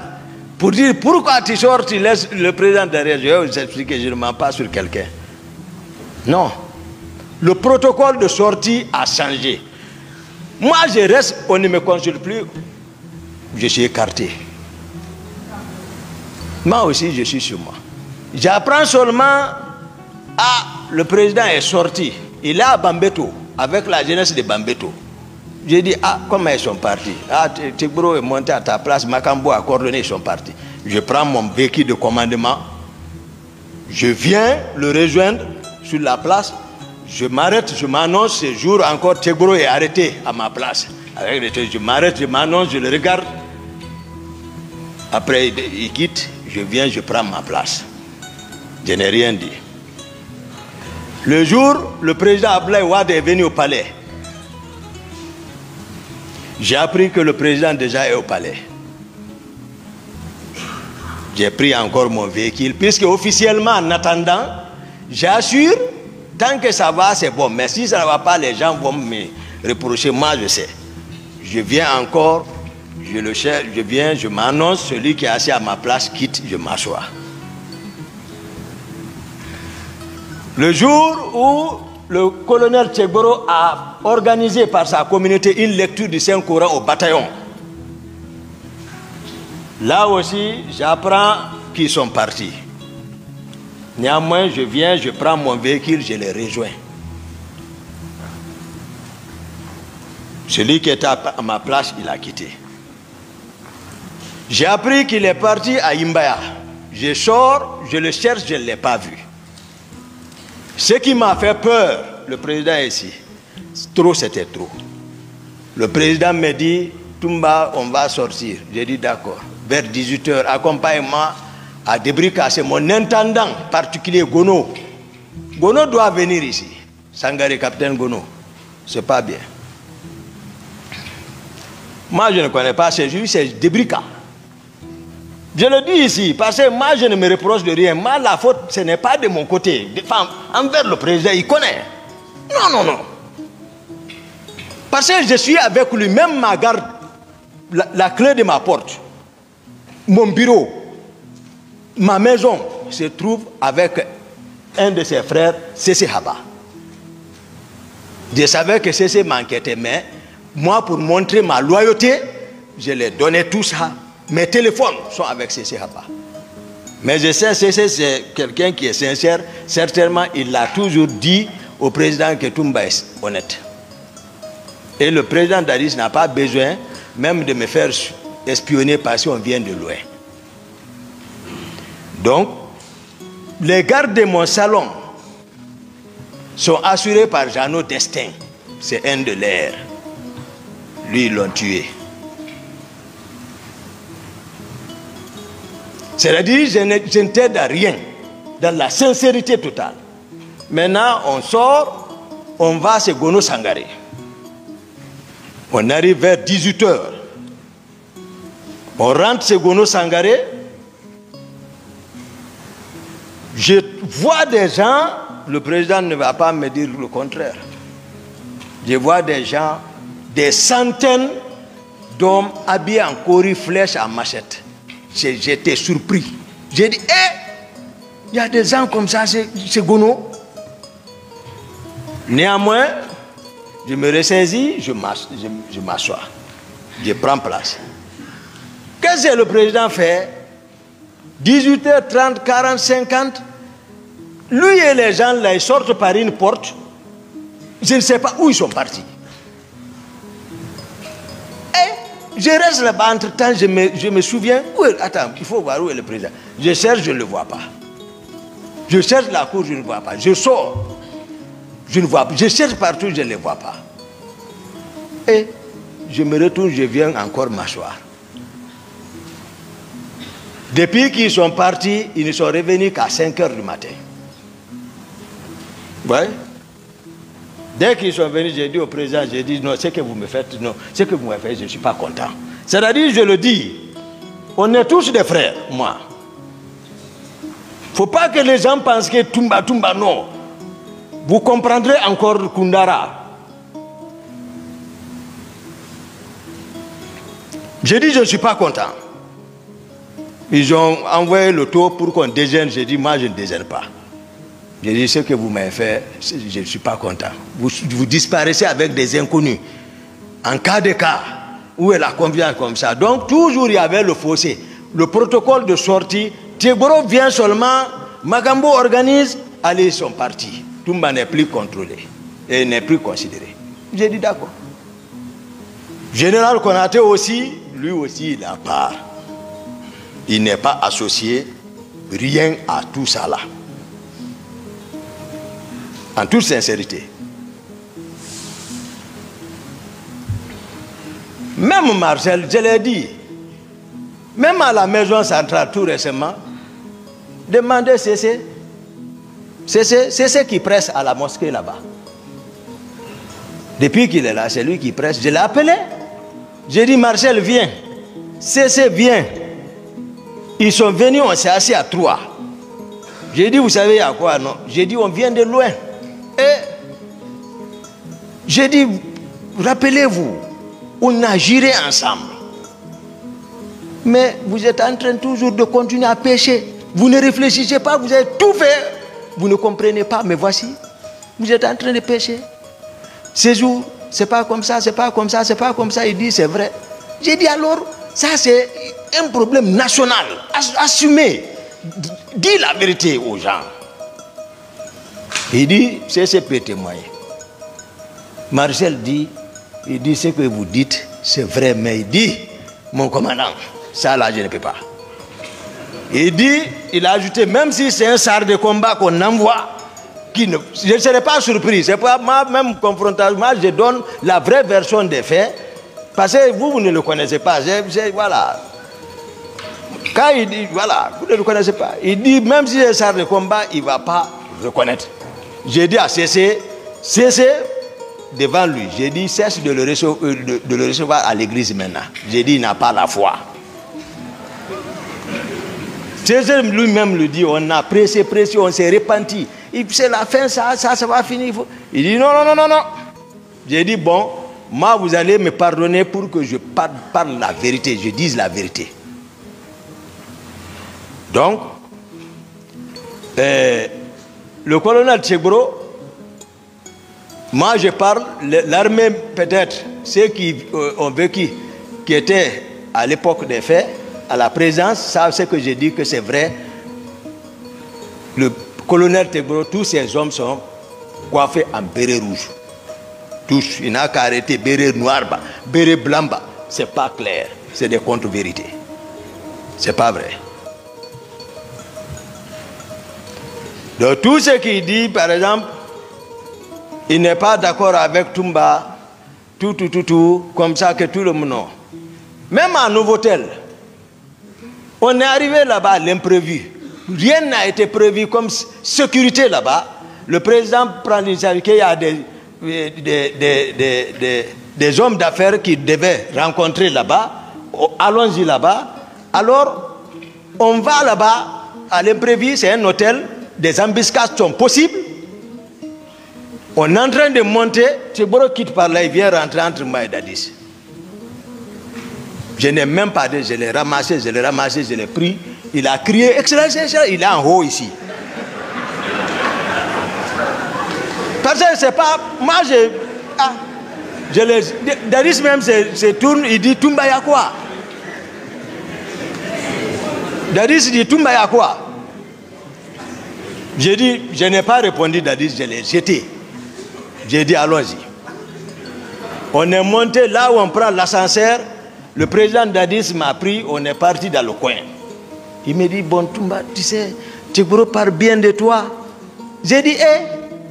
pour dire pourquoi tu sors, tu laisses le président derrière. Je vais vous expliquer, je ne mens pas sur quelqu'un. Non. Le protocole de sortie a changé. Moi, je reste, on ne me consulte plus. Je suis écarté. Moi aussi, je suis sur moi. J'apprends seulement ah, le président est sorti. Il est à Bambeto, avec la jeunesse de Bambeto. J'ai dit, ah, comment ils sont partis Ah, Tegbro est monté à ta place, Makambo a coordonné, ils sont partis. Je prends mon véhicule de commandement, je viens le rejoindre sur la place, je m'arrête, je m'annonce, ce jour encore, Tegoro est arrêté à ma place. Avec je m'arrête, je m'annonce, je le regarde. Après, il quitte, je viens, je prends ma place. Je n'ai rien dit. Le jour, le président Ablaï Wade est venu au palais. J'ai appris que le président déjà est au palais. J'ai pris encore mon véhicule, puisque officiellement, en attendant, j'assure, tant que ça va, c'est bon. Mais si ça ne va pas, les gens vont me reprocher. Moi, je sais. Je viens encore, je le cherche, je viens, je m'annonce, celui qui est assis à ma place quitte, je m'assois. Le jour où le colonel Tchegoro a organisé par sa communauté une lecture du Saint-Coran au bataillon, là aussi, j'apprends qu'ils sont partis. Néanmoins, je viens, je prends mon véhicule, je les rejoins. Celui qui était à ma place, il a quitté. J'ai appris qu'il est parti à Imbaya. Je sors, je le cherche, je ne l'ai pas vu. Ce qui m'a fait peur, le président est ici. Trop, c'était trop. Le président me dit, Tumba, on va sortir. J'ai dit d'accord. Vers 18h, accompagne-moi à Debrika. C'est mon intendant particulier, Gono. Gono doit venir ici. Sangare, capitaine Gono. C'est pas bien. Moi, je ne connais pas ce juif c'est Debrika. Je le dis ici, parce que moi je ne me reproche de rien. Moi la faute, ce n'est pas de mon côté. envers le président, il connaît. Non, non, non. Parce que je suis avec lui, même ma garde, la, clé de ma porte, mon bureau, ma maison se trouve avec un de ses frères, C.C. Haba. Je savais que C.C. m'inquiétait, mais moi, pour montrer ma loyauté, je lui ai donné tout ça mes téléphones sont avec CC Mais je sais, c'est quelqu'un qui est sincère. Certainement, il l'a toujours dit au président que Toumba est honnête. Et le président Dadis n'a pas besoin même de me faire espionner parce qu'on vient de loin. Donc, les gardes de mon salon sont assurés par Jeannot Destin. C'est un de l'air. Lui, ils l'ont tué. C'est-à-dire, je ne t'aide à rien, dans la sincérité totale. Maintenant, on sort, on va à segono Sangare. On arrive vers 18 h On rentre chez Gono Sangaré. Je vois des gens, le président ne va pas me dire le contraire. Je vois des gens, des centaines d'hommes habillés en coriflèche à machette. J'étais surpris. J'ai dit, hé, eh, il y a des gens comme ça, c'est Gono. Néanmoins, je me ressaisis, je m'assois. Je, prends place. Qu'est-ce que le président fait 18h30, 40, 50. Lui et les gens là, ils sortent par une porte. Je ne sais pas où ils sont partis. Et eh, je reste là-bas, entre-temps, je me, souviens. attends, il faut voir où est le président. Je cherche, je ne le vois pas. Je cherche la cour, je ne vois pas. Je sors, je ne vois pas. Je cherche partout, je ne le vois pas. Et je me retourne, je viens encore m'asseoir. Depuis qu'ils sont partis, ils ne sont revenus qu'à 5 heures du matin. Oui Dès qu'ils sont venus, j'ai dit au président, j'ai dit non, ce que vous me faites, non, ce que vous me faites, je ne suis pas content. C'est-à-dire, je le dis, on est tous des frères, moi. Il ne faut pas que les gens pensent que Tumba, Tumba, non. Vous comprendrez encore Kundara. J'ai dit, je ne suis pas content. Ils ont envoyé le tour pour qu'on déjeune. J'ai dit, moi, je ne déjeune pas. J'ai dit, ce que vous m'avez fait, je ne suis pas content. Vous, disparaissez avec des inconnus. En cas de cas, où elle la confiance comme ça Donc, toujours, il y avait le fossé. Le protocole de sortie, Théboro vient seulement, Magambo organise, allez, ils sont partis. Toumba n'est plus contrôlé et n'est plus considéré. J'ai dit, d'accord. Général Konate aussi, lui aussi, il a part. Il n'est pas associé rien à tout ça là en toute sincérité. Même Marcel, je l'ai dit, même à la maison centrale tout récemment, demandez c'est ce qui presse à la mosquée là-bas. Depuis qu'il est là, c'est lui qui presse. Je l'ai appelé. J'ai dit, Marcel, viens. C.C. viens. Ils sont venus, on s'est assis à trois. J'ai dit, vous savez, à quoi Non. J'ai dit, on vient de loin j'ai dit, rappelez-vous, on a géré ensemble. Mais vous êtes en train toujours de continuer à pécher. Vous ne réfléchissez pas, vous avez tout fait. Vous ne comprenez pas, mais voici, vous êtes en train de pécher. Ces jours, c'est pas comme ça, c'est pas comme ça, c'est pas comme ça. Il dit, c'est vrai. J'ai dit alors, ça c'est un problème national. Assumez. Dis la vérité aux gens. Il dit, c'est ce peut témoigner. Marcel dit, il dit ce que vous dites, c'est vrai, mais il dit, mon commandant, ça là, je ne peux pas. Il dit, il a ajouté, même si c'est un sar de combat qu'on envoie, je ne serai pas surpris. C'est pas même confrontation. Moi, je donne la vraie version des faits. Parce que vous, vous ne le connaissez pas. voilà. Quand il dit, voilà, vous ne le connaissez pas. Il dit, même si c'est un sar de combat, il ne va pas reconnaître. J'ai dit à Cessé, Cessé, devant lui, j'ai dit, cesse euh, de le, recevoir, à l'église maintenant. J'ai dit, il n'a pas la foi. César lui-même le dit, on a pressé, pressé, on s'est repenti. C'est la fin, ça, ça, ça va finir. Il dit, non, non, non, non, non. J'ai dit, bon, moi, vous allez me pardonner pour que je parle, parle la vérité, je dise la vérité. Donc, euh, le colonel Tchegro, moi je parle, l'armée peut-être, ceux qui euh, ont vécu, qui étaient à l'époque des faits, à la présence, savent ce que j'ai dit, que c'est vrai. Le colonel Tchegro, tous ces hommes sont coiffés en béret rouge. Tous, il n'a qu'à arrêter béret noir, béret blanc, c'est pas clair, c'est des contre-vérités. C'est pas vrai. Donc tout ce qu'il dit, par exemple, il n'est pas d'accord avec Toumba, tout, tout, tout, tout, comme ça que tout le monde. Même à Nouveau-Tel, on est arrivé là-bas à l'imprévu. Rien n'a été prévu comme sécurité là-bas. Le président prend l'initiative qu'il y a des, des, des, des hommes d'affaires qu'il devait rencontrer là-bas. Oh, allons-y là-bas. Alors, on va là-bas à l'imprévu, c'est un hôtel des embuscades sont possibles. On est en train de monter. Tiboro quitte par là, il vient rentrer entre moi et Dadis. Je n'ai même pas dit, je l'ai ramassé, je l'ai ramassé, je l'ai pris. Il a crié, Excellence, il est en haut ici. Parce que c'est pas. Moi, je. Ah, je les, Dadis même se, tourne, il dit Tumba ya quoi Dadis dit Tumba ya quoi j'ai dit, je n'ai pas répondu d'Adis, je l'ai jeté. J'ai dit, allons-y. On est monté là où on prend l'ascenseur. Le président d'Adis m'a pris, on est parti dans le coin. Il me dit, bon, Tumba, tu sais, Tegoro parle bien de toi. J'ai dit, eh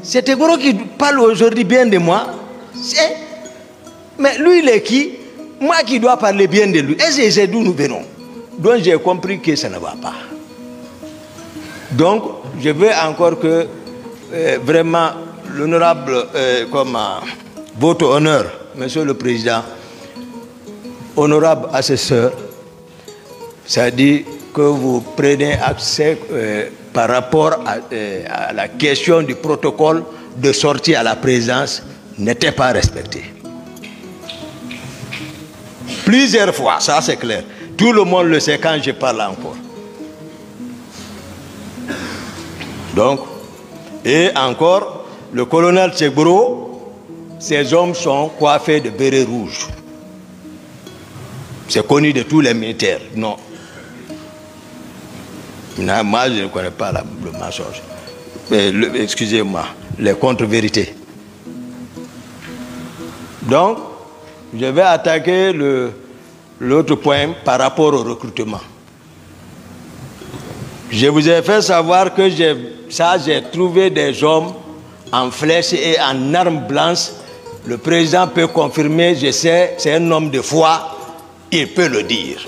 c'est Tegoro qui parle aujourd'hui bien de moi. Eh, mais lui, il est qui Moi qui dois parler bien de lui. Et eh, c'est d'où nous venons. Donc j'ai compris que ça ne va pas. Donc, je veux encore que euh, vraiment l'honorable, euh, comme euh, votre honneur, Monsieur le Président, honorable assesseur, ça dit que vous prenez accès par rapport à, à, la question du protocole de sortie à la présence n'était pas respecté. Plusieurs fois, ça c'est clair. Tout le monde le sait quand je parle encore. Donc, et encore, le colonel Chebrou, ses hommes sont coiffés de berets rouges. C'est connu de tous les militaires, non. moi, je ne connais pas le mensonge. Excusez-moi, les contre-vérités. Donc, je vais attaquer l'autre point par rapport au recrutement. Je vous ai fait savoir que ça, j'ai trouvé des hommes en flèche et en armes blanches. Le président peut confirmer, je sais, c'est un homme de foi, il peut le dire.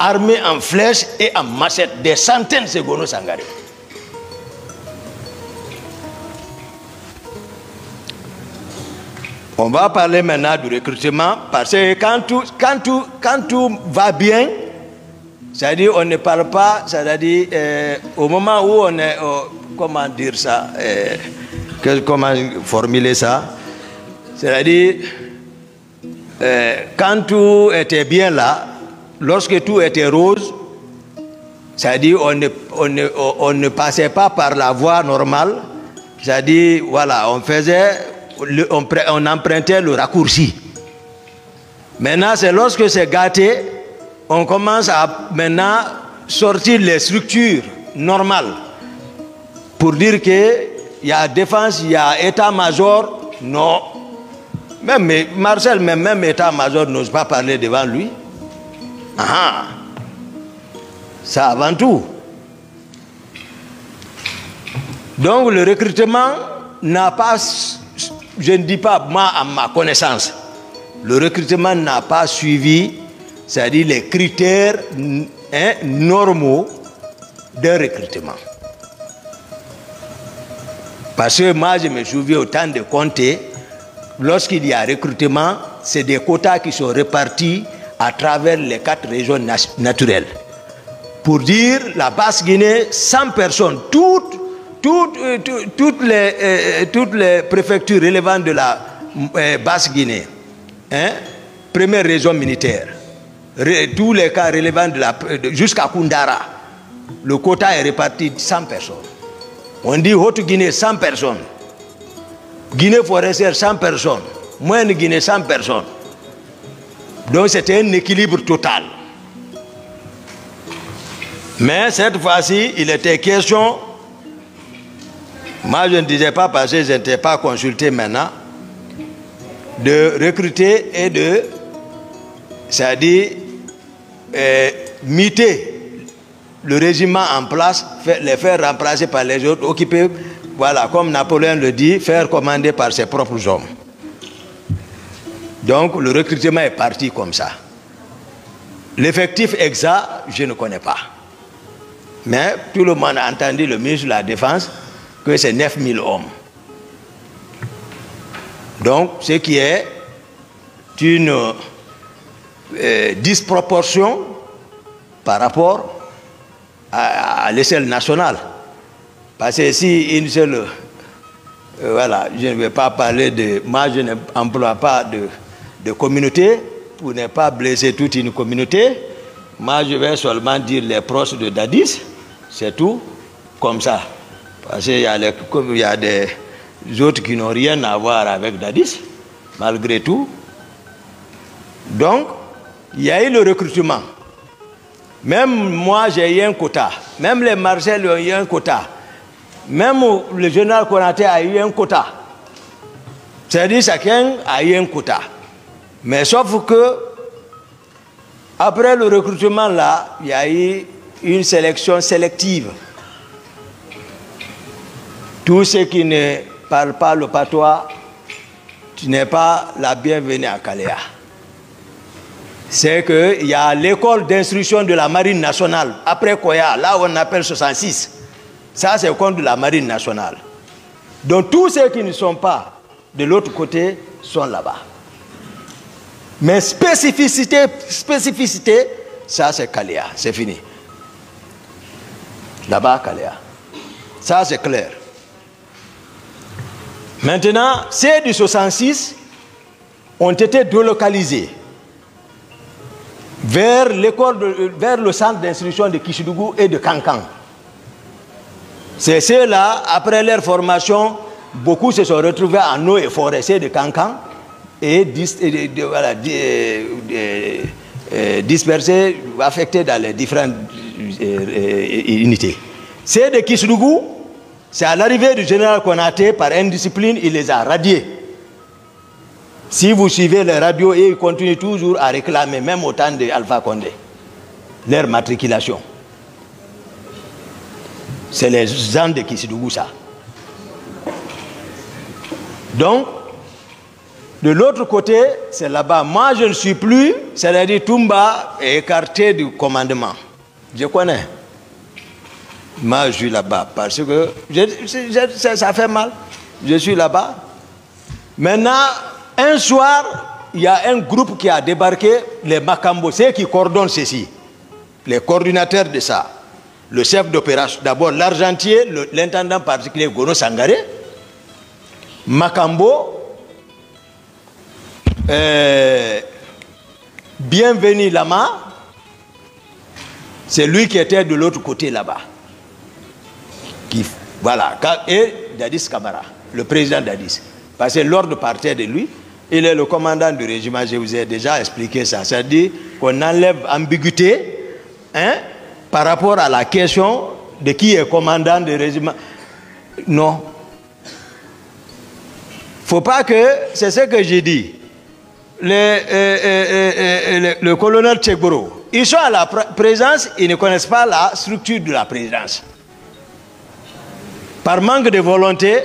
Armé en flèche et en machette, des centaines de Gono Sangare. On va parler maintenant du recrutement parce que quand quand tout va bien, c'est-à-dire, on ne parle pas, c'est-à-dire, euh, au moment où on est, oh, comment dire ça, euh, comment formuler ça, c'est-à-dire, euh, quand tout était bien là, lorsque tout était rose, c'est-à-dire, on ne, on, ne, passait pas par la voie normale, c'est-à-dire, voilà, on faisait, on empruntait le raccourci. Maintenant, c'est lorsque c'est gâté, on commence à maintenant sortir les structures normales pour dire qu'il y a défense, il y a état-major. Non. Même Marcel, même, état-major n'ose pas parler devant lui. Ah, ça avant tout. Donc le recrutement n'a pas, je ne dis pas moi à ma connaissance, le recrutement n'a pas suivi c'est-à-dire les critères hein, normaux de recrutement. Parce que moi, je me souviens au temps de compter, lorsqu'il y a recrutement, c'est des quotas qui sont répartis à travers les quatre régions naturelles. Pour dire, la Basse-Guinée, 100 personnes, toutes, toutes, euh, toutes, les, euh, euh, toutes les préfectures relevantes de la Basse-Guinée, hein, première région militaire, tous les cas relevant de la, jusqu'à Kundara, le quota est réparti 100 personnes. On dit Haute-Guinée 100 personnes, Guinée forestière 100 personnes, Moyenne Guinée 100 personnes. Donc c'était un équilibre total. Mais cette fois-ci, il était question, moi je ne disais pas parce que je n'étais pas consulté maintenant, de recruter et de, c'est-à-dire euh, muter le régiment en place, les faire remplacer par les autres, occuper, voilà, comme Napoléon le dit, faire commander par ses propres hommes. Donc le recrutement est parti comme ça. L'effectif exact, je ne connais pas. Mais tout le monde a entendu le ministre de la Défense que c'est 9000 hommes. Donc, ce qui est une euh, disproportion par rapport à, l'échelle nationale. Parce que si une seule... Euh, voilà, je ne vais pas parler de... Moi, je n'emploie pas de, communauté pour ne pas blesser toute une communauté. Moi, je vais seulement dire les proches de Dadis, c'est tout, comme ça. Parce qu'il y a des autres qui n'ont rien à voir avec Dadis, malgré tout. Donc, il y a eu le recrutement. Même moi, j'ai eu un quota. Même les Marcel ont eu un quota. Même le général Konaté a eu un quota. C'est-à-dire chacun a eu un quota. Mais sauf que, après le recrutement, là, il y a eu une sélection sélective. Tous ceux qui ne parlent pas le patois, tu n'es pas la bienvenue à Caléa c'est qu'il y a l'école d'instruction de la marine nationale, après Koya, là où on appelle 66. Ça, c'est le compte de la marine nationale. Donc tous ceux qui ne sont pas de l'autre côté sont là-bas. Mais spécificité, spécificité, ça c'est Kalea, c'est fini. Là-bas, Kalea. Ça c'est clair. Maintenant, ceux du 66 ont été délocalisés vers le centre d'instruction de Kishidougou et de Kankan. C'est ceux-là, après leur formation, beaucoup se sont retrouvés en eau et forestiers de Kankan et, euh, dispersés, affectés dans les différentes euh, euh, unités. C'est de Kishidougou, c'est à l'arrivée du général Konaté, par indiscipline, il les a radiés. Si vous suivez les radios, ils continuent toujours à réclamer, même au temps Alpha Condé, leur matriculation. C'est les gens de Kissidougou, ça. Donc, de l'autre côté, c'est là-bas. Moi, je ne suis plus, c'est-à-dire Tumba est écarté du commandement. Je connais. Moi, je suis là-bas parce que ça fait mal. Je suis là-bas. Maintenant, un soir, il y a un groupe qui a débarqué, les Macambo, c'est qui coordonnent ceci, les coordinateurs de ça. Le chef d'opération, d'abord l'argentier, l'intendant particulier Gono Sangare, Macambo, euh, Bienvenue Lama, c'est lui qui était de l'autre côté là-bas. Voilà, et Dadis Kamara, le président Dadis. Parce que l'ordre partait de lui. Il est le commandant du régiment, je vous ai déjà expliqué ça. C'est-à-dire qu'on enlève ambiguïté hein, par rapport à la question de qui est commandant du régiment. Non. faut pas que, c'est ce que j'ai dit, euh, euh, euh, le, colonel Tchegoro, ils sont à la présence, ils ne connaissent pas la structure de la présidence. Par manque de volonté,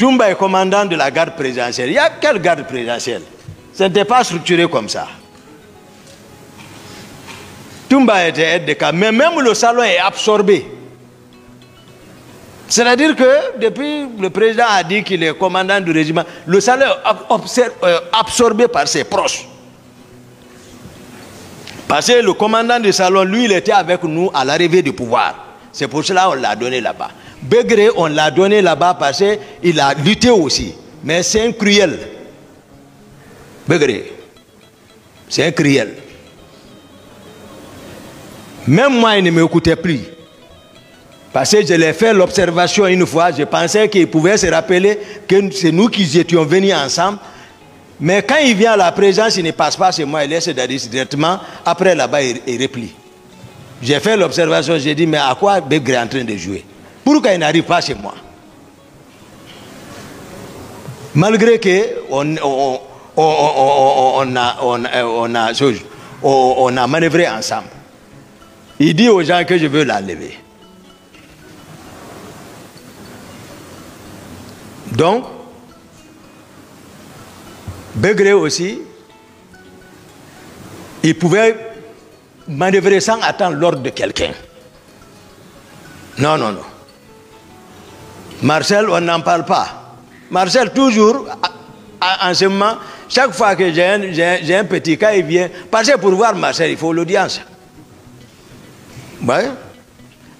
Toumba est commandant de la garde présidentielle. Il y a quelle garde présidentielle Ce n'était pas structuré comme ça. Toumba était aide de camp, mais même le salon est absorbé. C'est-à-dire que depuis le président a dit qu'il est commandant du régiment, le salon est euh, absorbé par ses proches. Parce que le commandant du salon, lui, il était avec nous à l'arrivée du pouvoir. C'est pour cela qu'on l'a donné là-bas. Begré, on l'a donné là-bas parce qu'il a lutté aussi. Mais c'est un cruel. Begré. C'est un cruel. Même moi, il ne m'écoutait plus. Parce que je l'ai fait l'observation une fois, je pensais qu'il pouvait se rappeler que c'est nous qui étions venus ensemble. Mais quand il vient à la présence, il ne passe pas chez moi, il laisse directement. Après, là-bas, il, il replie. J'ai fait l'observation, j'ai dit, mais à quoi Begré est en train de jouer pourquoi il n'arrive pas chez moi Malgré que on, a, on, a, on a manœuvré ensemble. Il dit aux gens que je veux l'enlever. Donc, Begré aussi, il pouvait manœuvrer sans attendre l'ordre de quelqu'un. Non, non, non. Marcel, on n'en parle pas. Marcel, toujours, en ce moment, chaque fois que j'ai un, petit cas, il vient passer pour voir Marcel, il faut l'audience.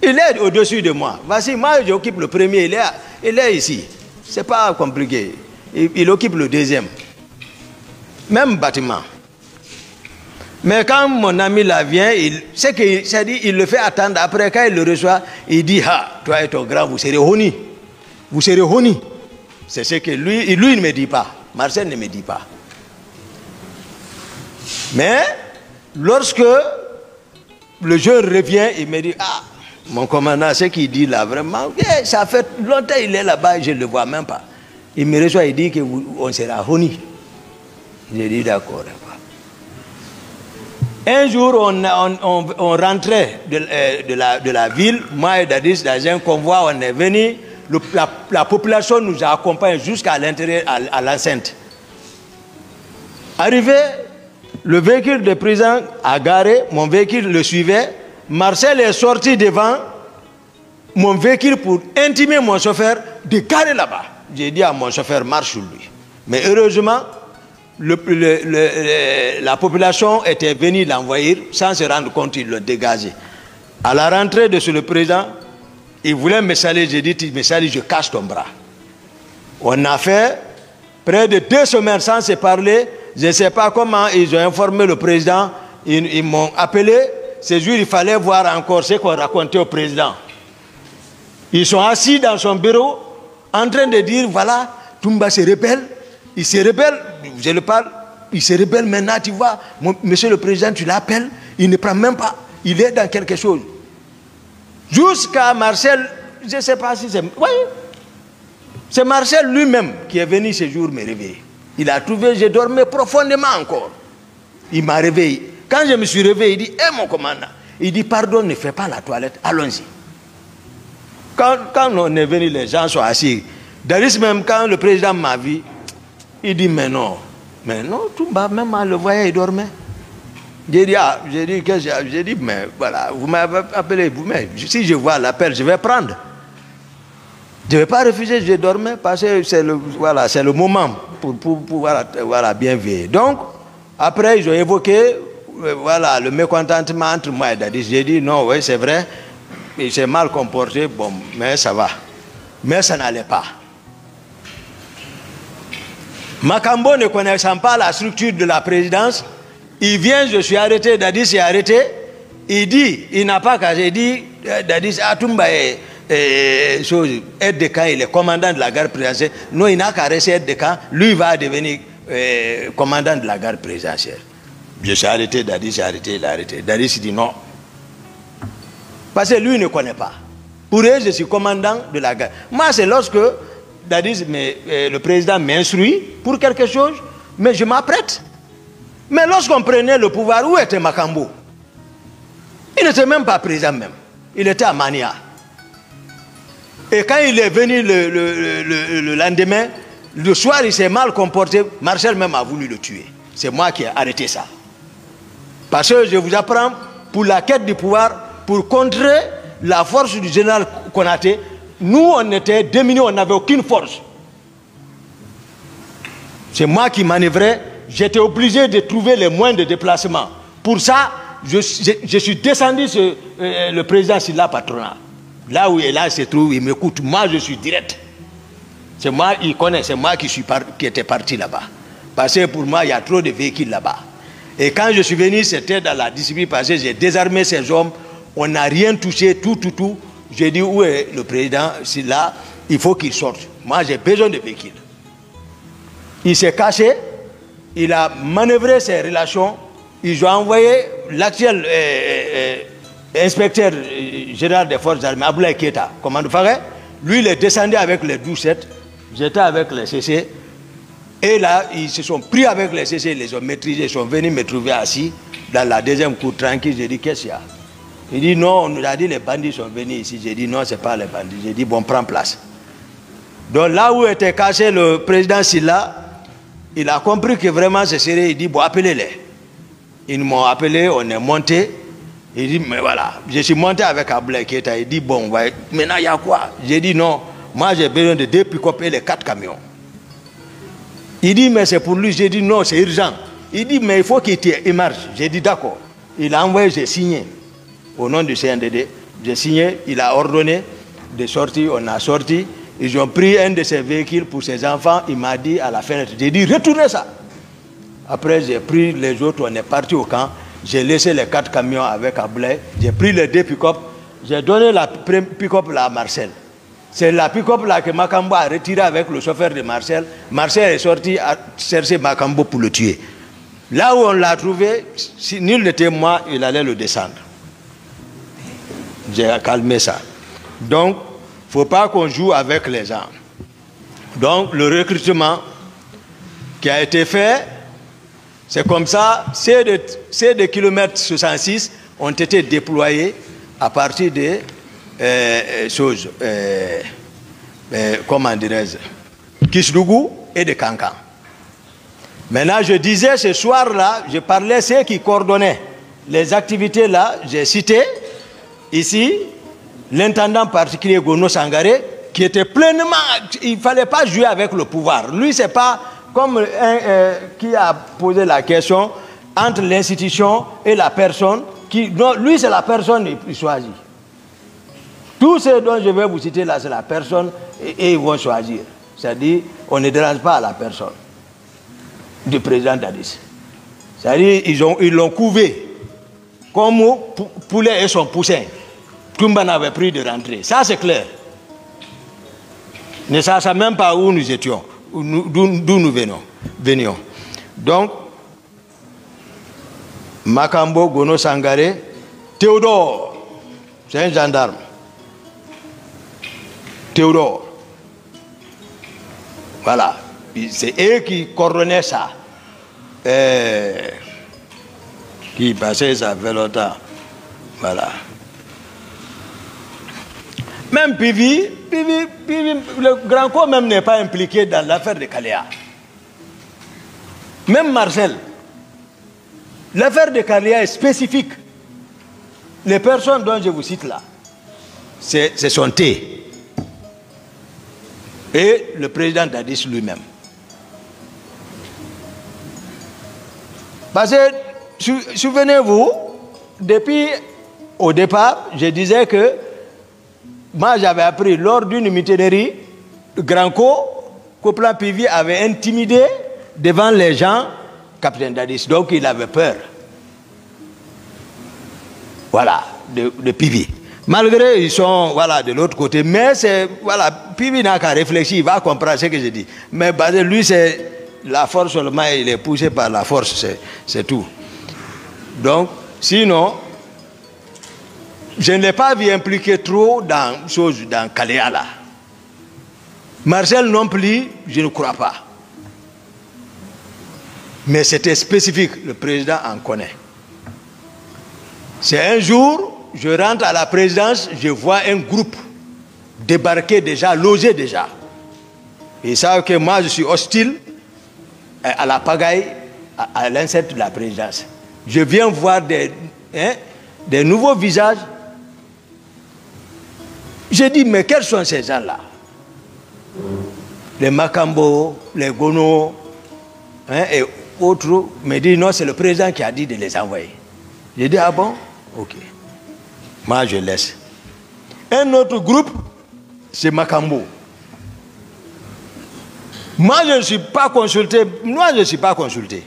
Il est au-dessus de moi. Voici, moi j'occupe le premier, il est, il est ici. C'est pas compliqué. Il, occupe le deuxième. Même bâtiment. Mais quand mon ami là vient, il, c'est qu'il, il le fait attendre. Après, quand il le reçoit, il dit, ah, toi et ton grand, vous serez honnis vous serez honni. C'est ce que lui, lui ne me dit pas. Marcel ne me dit pas. Mais lorsque le jeune revient, il me dit, ah, mon commandant, ce qu'il dit là, vraiment, ça fait longtemps qu'il est là-bas, je ne le vois même pas. Il me reçoit, il dit qu'on sera honni. J'ai dit d'accord. Un jour, on, rentrait euh, de, la, ville, moi et Dadis, dans un convoi, on est venu la, population nous accompagne jusqu'à l'intérieur, à, l'enceinte. Arrivé, le véhicule de prison a garé, mon véhicule le suivait. Marcel est sorti devant mon véhicule pour intimer mon chauffeur de garer là-bas. J'ai dit à mon chauffeur, marche sur lui. Mais heureusement, la population était venue l'envoyer sans se rendre compte, il le dégagé. À la rentrée de ce le président, il voulait me saluer, j'ai dit, me salue, je casse ton bras. On a fait près de deux semaines sans se parler. Je ne sais pas comment ils ont informé le président. Ils, m'ont appelé. Ces jours, il fallait voir encore ce qu'on racontait au président. Ils sont assis dans son bureau en train de dire, voilà, Toumba se rebelle. Il se rebelle, je le parle, il se rebelle maintenant, tu vois. Monsieur le président, tu l'appelles, il ne prend même pas. Il est dans quelque chose jusqu'à Marcel, je ne sais pas si c'est... Oui, c'est Marcel lui-même qui est venu ce jour me réveiller. Il a trouvé, je dormais profondément encore. Il m'a réveillé. Quand je me suis réveillé, il dit, hé mon commandant, il dit, pardon, ne fais pas la toilette, allons-y. Quand, on est venu, les gens sont assis. D'ailleurs, même quand le président m'a vu, il dit, mais non, mais non, même à le voyait, il dormait. J'ai dit, ah, que j'ai dit, mais voilà, vous m'avez appelé vous-même. Si je vois l'appel, je vais prendre. Je ne vais pas refuser, je dormais parce que c'est le, voilà, c'est le moment pour, pour, voilà, bien vivre. Donc, après, j'ai évoqué euh, voilà, le mécontentement entre moi et Dadis. J'ai dit, non, oui, c'est vrai, il s'est mal comporté, bon, mais ça va. Mais ça n'allait pas. Macambo ne connaissant pas la structure de la présidence, il vient, je suis arrêté, Dadis est arrêté. Il dit, il n'a pas qu'à il dit, euh, Dadis ah, Atumba est, eh, eh, il est commandant de la garde présidentielle. Non, il n'a qu'à rester aide de camp, lui va devenir euh, commandant de la garde présidentielle. Je suis arrêté, Dadis est arrêté, il est arrêté. Dadis dit non. Parce que lui ne connaît pas. Pour eux, je suis commandant de la garde. Moi, c'est lorsque Dadis, euh, le président m'instruit pour quelque chose, mais je m'apprête. Mais lorsqu'on prenait le pouvoir, où était Makambo Il n'était même pas présent même. Il était à Mania. Et quand il est venu le, lendemain, le soir, il s'est mal comporté. Marcel même a voulu le tuer. C'est moi qui ai arrêté ça. Parce que je vous apprends, pour la quête du pouvoir, pour contrer la force du général Konaté, nous, on était démunis, on n'avait aucune force. C'est moi qui manœuvrais j'étais obligé de trouver les moyens de déplacement. Pour ça, je, suis descendu sur euh, le président Silla Patronat. Là où il est là, se trouve, il m'écoute. Moi, je suis direct. C'est moi, il connaît, c'est moi qui, suis qui était parti là-bas. Parce que pour moi, il y a trop de véhicules là-bas. Et quand je suis venu, c'était dans la discipline parce que j'ai désarmé ces hommes. On n'a rien touché, tout, tout, tout. J'ai dit, où est le président Silla Il faut qu'il sorte. Moi, j'ai besoin de véhicules. Il s'est caché, il a manœuvré ses relations, ils ont envoyé l'actuel euh, euh, euh, inspecteur général des forces armées, Aboulaye Keta, commandant Faré, lui il est descendu avec les 12-7, j'étais avec les CC, et là ils se sont pris avec les CC, ils les ont maîtrisés, ils sont venus me trouver assis dans la deuxième cour tranquille, j'ai dit qu'est-ce qu'il y a Il dit non, on nous a dit les bandits sont venus ici, j'ai dit non, ce pas les bandits, j'ai dit bon, prends place. Donc là où était caché le président Silla, il a compris que vraiment c'est sérieux. Il dit, bon, appelez-les. Ils m'ont appelé, on est monté. Il dit, mais voilà, je suis monté avec blé qui était. Il dit, bon, maintenant il y a quoi J'ai dit, non, moi j'ai besoin de deux les quatre camions. Il dit, mais c'est pour lui. J'ai dit, non, c'est urgent. Il dit, mais il faut qu'il marche. J'ai dit, d'accord. Il a envoyé, j'ai signé. Au nom du CNDD, j'ai signé, il a ordonné de sortir, on a sorti. Ils ont pris un de ces véhicules pour ses enfants. Il m'a dit à la fenêtre, j'ai dit, retournez ça. Après, j'ai pris les autres, on est parti au camp. J'ai laissé les quatre camions avec un blé. J'ai pris les deux pick-up. J'ai donné la pick-up à Marcel. C'est la pick-up là que Makambo a retiré avec le chauffeur de Marcel. Marcel est sorti à chercher Makambo pour le tuer. Là où on l'a trouvé, si nul n'était moi, il allait le descendre. J'ai calmé ça. Donc, ne faut pas qu'on joue avec les gens. Donc le recrutement qui a été fait, c'est comme ça, ces de ces de kilomètres 66 ont été déployés à partir des euh, euh, choses, euh, comment dirais-je, et de Kankan. Maintenant, je disais ce soir-là, je parlais ceux qui coordonnaient les activités-là, j'ai cité ici l'intendant particulier Gono Sangaré, qui était pleinement... Il ne fallait pas jouer avec le pouvoir. Lui, c'est pas comme un, euh, qui a posé la question entre l'institution et la personne. Qui, lui, c'est la personne qui choisit. Tout ce dont je vais vous citer là, c'est la personne et, ils vont choisir. C'est-à-dire, on ne dérange pas la personne du président Dadis. C'est-à-dire, ils l'ont ils couvé comme poulet et son poussin. Toumba n'avait pris de rentrer. Ça, c'est clair. Ne sachant même pas où nous étions, d'où nous venions. venions. Donc, Makambo Gono Sangare, Théodore, c'est un gendarme. Théodore. Voilà. C'est eux qui coordonnaient ça. Euh, qui passaient ça fait longtemps. Voilà. Même Pivi, le grand corps même n'est pas impliqué dans l'affaire de Kalea. Même Marcel, l'affaire de Kalea est spécifique. Les personnes dont je vous cite là, c'est son thé. Et le président Dadis lui-même. Parce que, souvenez-vous, depuis au départ, je disais que moi, j'avais appris lors d'une mutinerie, Granco, Copla Pivi avait intimidé devant les gens Capitaine Dadis. Donc, il avait peur. Voilà, de, Pivi. Malgré, ils sont voilà, de l'autre côté. Mais c'est. Voilà, Pivi n'a qu'à réfléchir, il va comprendre ce que je dis. Mais lui, c'est la force seulement, il est poussé par la force, c'est tout. Donc, sinon, je n'ai pas vu impliquer trop dans choses dans là. Marcel non plus, je ne crois pas. Mais c'était spécifique, le président en connaît. C'est un jour, je rentre à la présidence, je vois un groupe débarquer déjà, logé déjà. Ils savent que moi, je suis hostile à la pagaille, à, l'insecte de la présidence. Je viens voir des, hein, des nouveaux visages j'ai dit, mais quels sont ces gens-là Les Macambo, les Gono hein, et autres me dit, non, c'est le président qui a dit de les envoyer. J'ai dit, ah bon Ok. Moi, je laisse. Un autre groupe, c'est Macambo. Moi, je ne suis pas consulté. Moi, je ne suis pas consulté.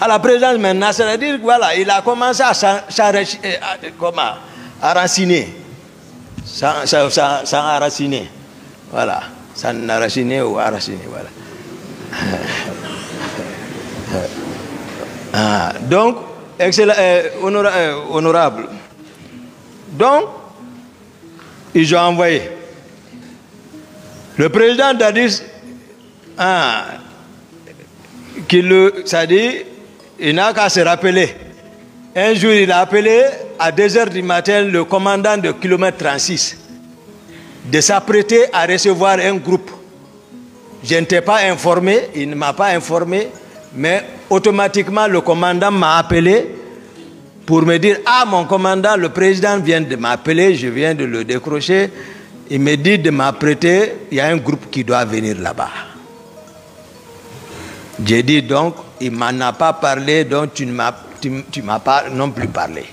À la présence maintenant, ça veut dire voilà, il a commencé à s'enrichir. Euh, comment enraciné. Sans, sans, Voilà. Sans arraciner ou enraciner. Voilà. Ah, donc, excellent, euh, euh, honorable. Donc, ils ont envoyé. Le président Dadis, ah, qui le, ça dit, il n'a qu'à se rappeler. Un jour, il a appelé à 2 heures du matin le commandant de kilomètre 36 de s'apprêter à recevoir un groupe. Je n'étais pas informé, il ne m'a pas informé, mais automatiquement le commandant m'a appelé pour me dire Ah, mon commandant, le président vient de m'appeler, je viens de le décrocher. Il me dit de m'apprêter, il y a un groupe qui doit venir là-bas. J'ai dit donc, il ne m'en a pas parlé, donc tu ne m'as tu, ne m'as pas non plus parlé.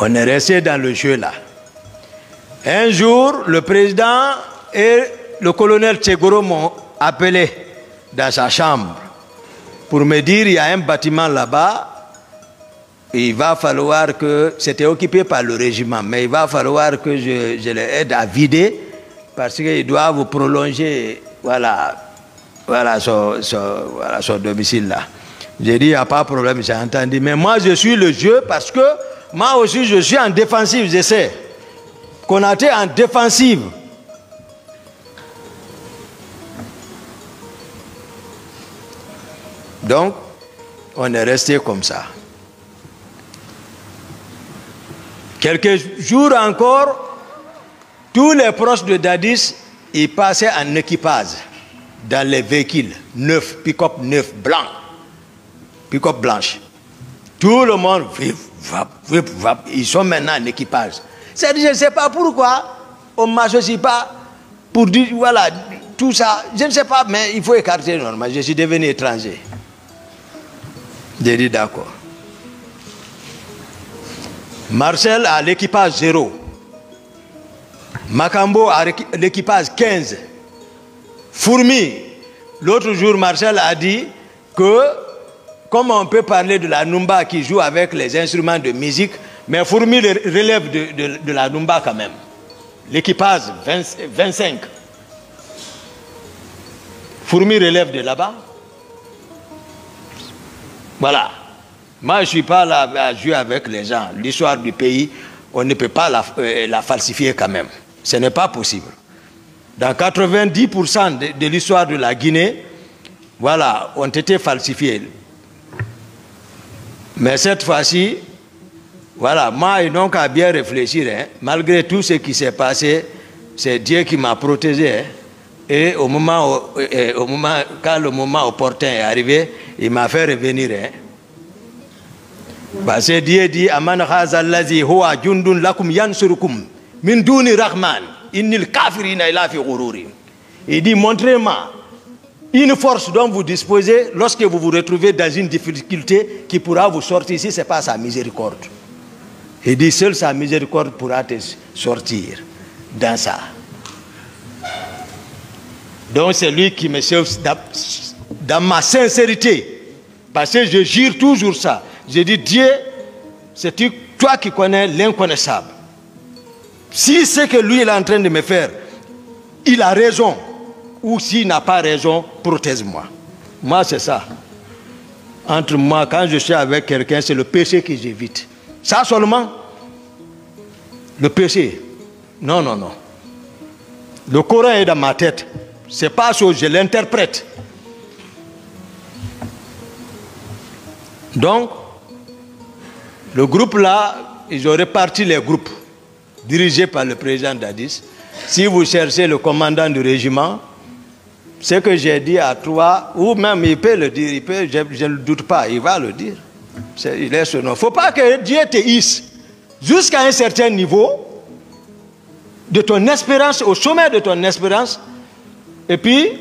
On est resté dans le jeu là. Un jour, le président et le colonel Tchegoro m'ont appelé dans sa chambre pour me dire il y a un bâtiment là-bas, il va falloir que. C'était occupé par le régiment, mais il va falloir que je, l'aide à vider parce qu'ils doivent prolonger voilà, voilà, son domicile là. J'ai dit, il n'y a pas de problème, j'ai entendu. Mais moi, je suis le jeu parce que moi aussi, je suis en défensive, je sais. Qu'on a en défensive. Donc, on est resté comme ça. Quelques jours encore, tous les proches de Dadis, ils passaient en équipage dans les véhicules neuf pick-up neuf blancs pick blanche. Tout le monde, Ils sont maintenant en équipage. cest je ne sais pas pourquoi on ne m'associe pas pour dire, voilà, tout ça. Je ne sais pas, mais il faut écarter normal. Je suis devenu étranger. J'ai dit d'accord. Marcel a l'équipage zéro Macambo a l'équipage 15. Fourmi, l'autre jour, Marcel a dit que Comment on peut parler de la Numba qui joue avec les instruments de musique, mais Fourmi relève de, de, la Numba quand même. L'équipage 25. Fourmi relève de là-bas. Voilà. Moi, je ne suis pas là à jouer avec les gens. L'histoire du pays, on ne peut pas la, euh, falsifier quand même. Ce n'est pas possible. Dans 90% de, de l'histoire de la Guinée, voilà, ont été falsifiés. Mais cette fois-ci, voilà, moi, ils n'ont qu'à bien réfléchir. Hein. Malgré tout ce qui s'est passé, c'est Dieu qui m'a protégé. Hein. Et au moment, où, et au moment, quand le moment opportun est arrivé, il m'a fait revenir. Hein. Parce que Dieu dit Aman Khazalazi Hoa Jundun Lakum Yansurukum Minduni Rahman Innil Kafirina Ilafi Gururi. Il dit Montrez-moi une force dont vous disposez lorsque vous vous retrouvez dans une difficulté qui pourra vous sortir Si ce n'est pas sa miséricorde. Il dit seule sa miséricorde pourra te sortir dans ça. Donc c'est lui qui me sauve dans ma sincérité. Parce que je jure toujours ça. Je dis Dieu, c'est toi qui connais l'inconnaissable. Si ce que lui est en train de me faire, il a raison ou s'il n'a pas raison, protège-moi. Moi, c'est ça. Entre moi, quand je suis avec quelqu'un, c'est le péché que j'évite. Ça seulement, le péché. Non, non, non. Le Coran est dans ma tête. C'est pas ça, je l'interprète. Donc, le groupe là, ils ont réparti les groupes dirigés par le président Dadis. Si vous cherchez le commandant du régiment, ce que j'ai dit à toi, ou même il peut le dire, je, ne doute pas, il va le dire. il est ce nom. Il ne faut pas que Dieu te hisse jusqu'à un certain niveau de ton espérance, au sommet de ton espérance, et puis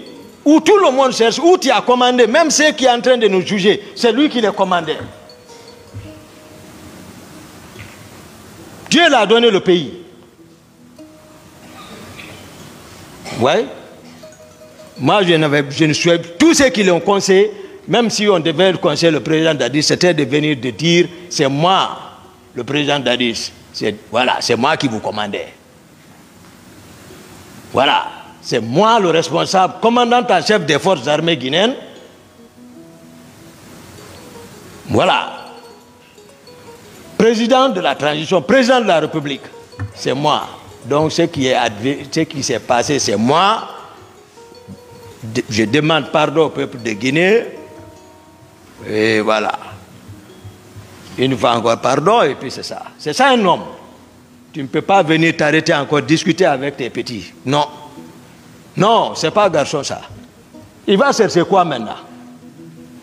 où tout le monde cherche, où tu as commandé, même ceux qui sont en train de nous juger, c'est lui qui les commandait. Dieu l'a donné le pays. Ouais. Moi, je, ne souhaite tous ceux qui l'ont conseillé, même si on devait conseiller le président Dadis, c'était de venir de dire c'est moi, le président d'Addis. Voilà, c'est moi qui vous commandais. Voilà, c'est moi le responsable, commandant en chef des forces armées guinéennes. Voilà. Président de la transition, président de la République, c'est moi. Donc ce qui s'est passé, c'est moi je demande pardon au peuple de Guinée. Et voilà. il nous fois encore pardon, et puis c'est ça. C'est ça un homme. Tu ne peux pas venir t'arrêter encore, discuter avec tes petits. Non. Non, c'est pas un garçon ça. Il va chercher quoi maintenant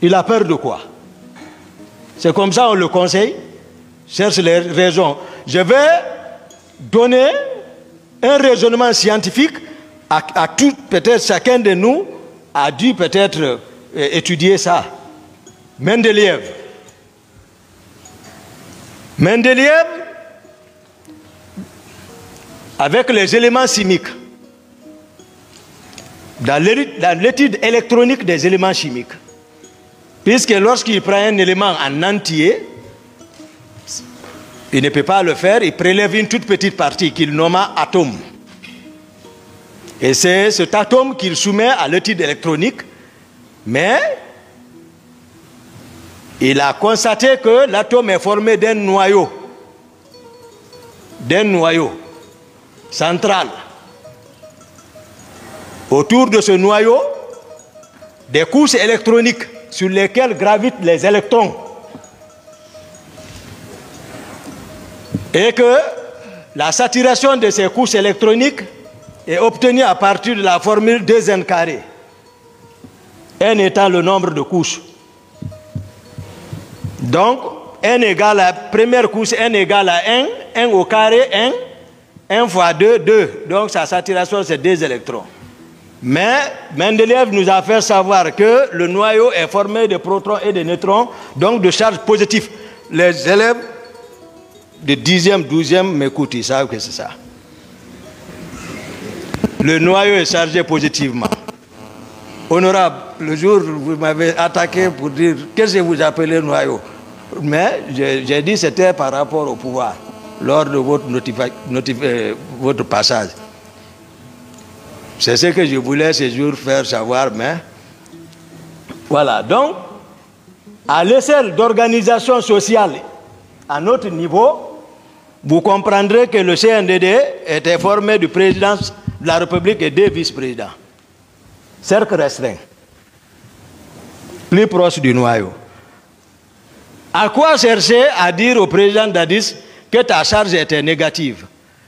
Il a peur de quoi C'est comme ça on le conseille. Cherche les raisons. Je vais donner un raisonnement scientifique à, tout, peut-être chacun de nous a dû peut-être euh, étudier ça. Mendeleev. Mendeleev, avec les éléments chimiques, dans l'étude électronique des éléments chimiques, puisque lorsqu'il prend un élément en entier, il ne peut pas le faire, il prélève une toute petite partie qu'il nomma atome. Et c'est cet atome qu'il soumet à l'étude électronique, mais il a constaté que l'atome est formé d'un noyau, d'un noyau central. Autour de ce noyau, des couches électroniques sur lesquelles gravitent les électrons. Et que la saturation de ces couches électroniques est obtenu à partir de la formule 2n carré, n étant le nombre de couches. Donc, n à première couche, n égale à 1, 1 au carré, 1, 1 fois 2, 2. Donc sa saturation, c'est 2 électrons. Mais Mendeleev nous a fait savoir que le noyau est formé de protons et de neutrons, donc de charges positives. Les élèves de 10e, 12e m'écoutent, ils savent que c'est ça. Le noyau est chargé positivement. Honorable, le jour où vous m'avez attaqué pour dire qu'est-ce que vous appelez noyau, mais j'ai dit c'était par rapport au pouvoir lors de euh, votre, passage. C'est ce que je voulais ce jour faire savoir, mais voilà. Donc, à l'échelle d'organisation sociale, à notre niveau, vous comprendrez que le CNDD était formé du président la République et deux vice-présidents. Cercle restreint. Plus proche du noyau. À quoi chercher à dire au président Dadis que ta charge était négative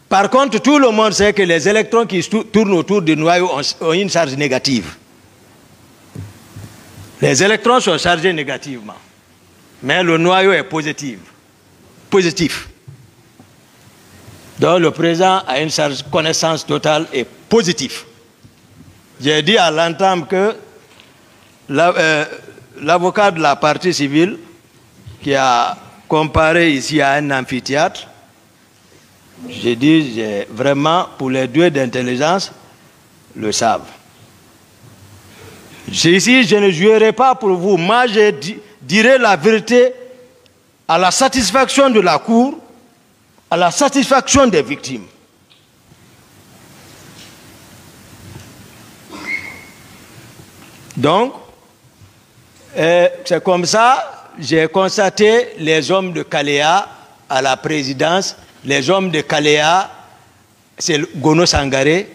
Par contre, tout le monde sait que les électrons qui tournent autour du noyau ont une charge négative. Les électrons sont chargés négativement, mais le noyau est positif. Positif dont le président a une connaissance totale et positive. J'ai dit à l'entente que euh, l'avocat de la partie civile, qui a comparé ici à un amphithéâtre, j'ai dit vraiment, pour les deux d'intelligence, le savent. Ici, je ne jouerai pas pour vous. Moi, je dirai la vérité à la satisfaction de la Cour à la satisfaction des victimes. Donc, euh, c'est comme ça, j'ai constaté les hommes de Kalea à la présidence, les hommes de Kalea, c'est Gono Sangare,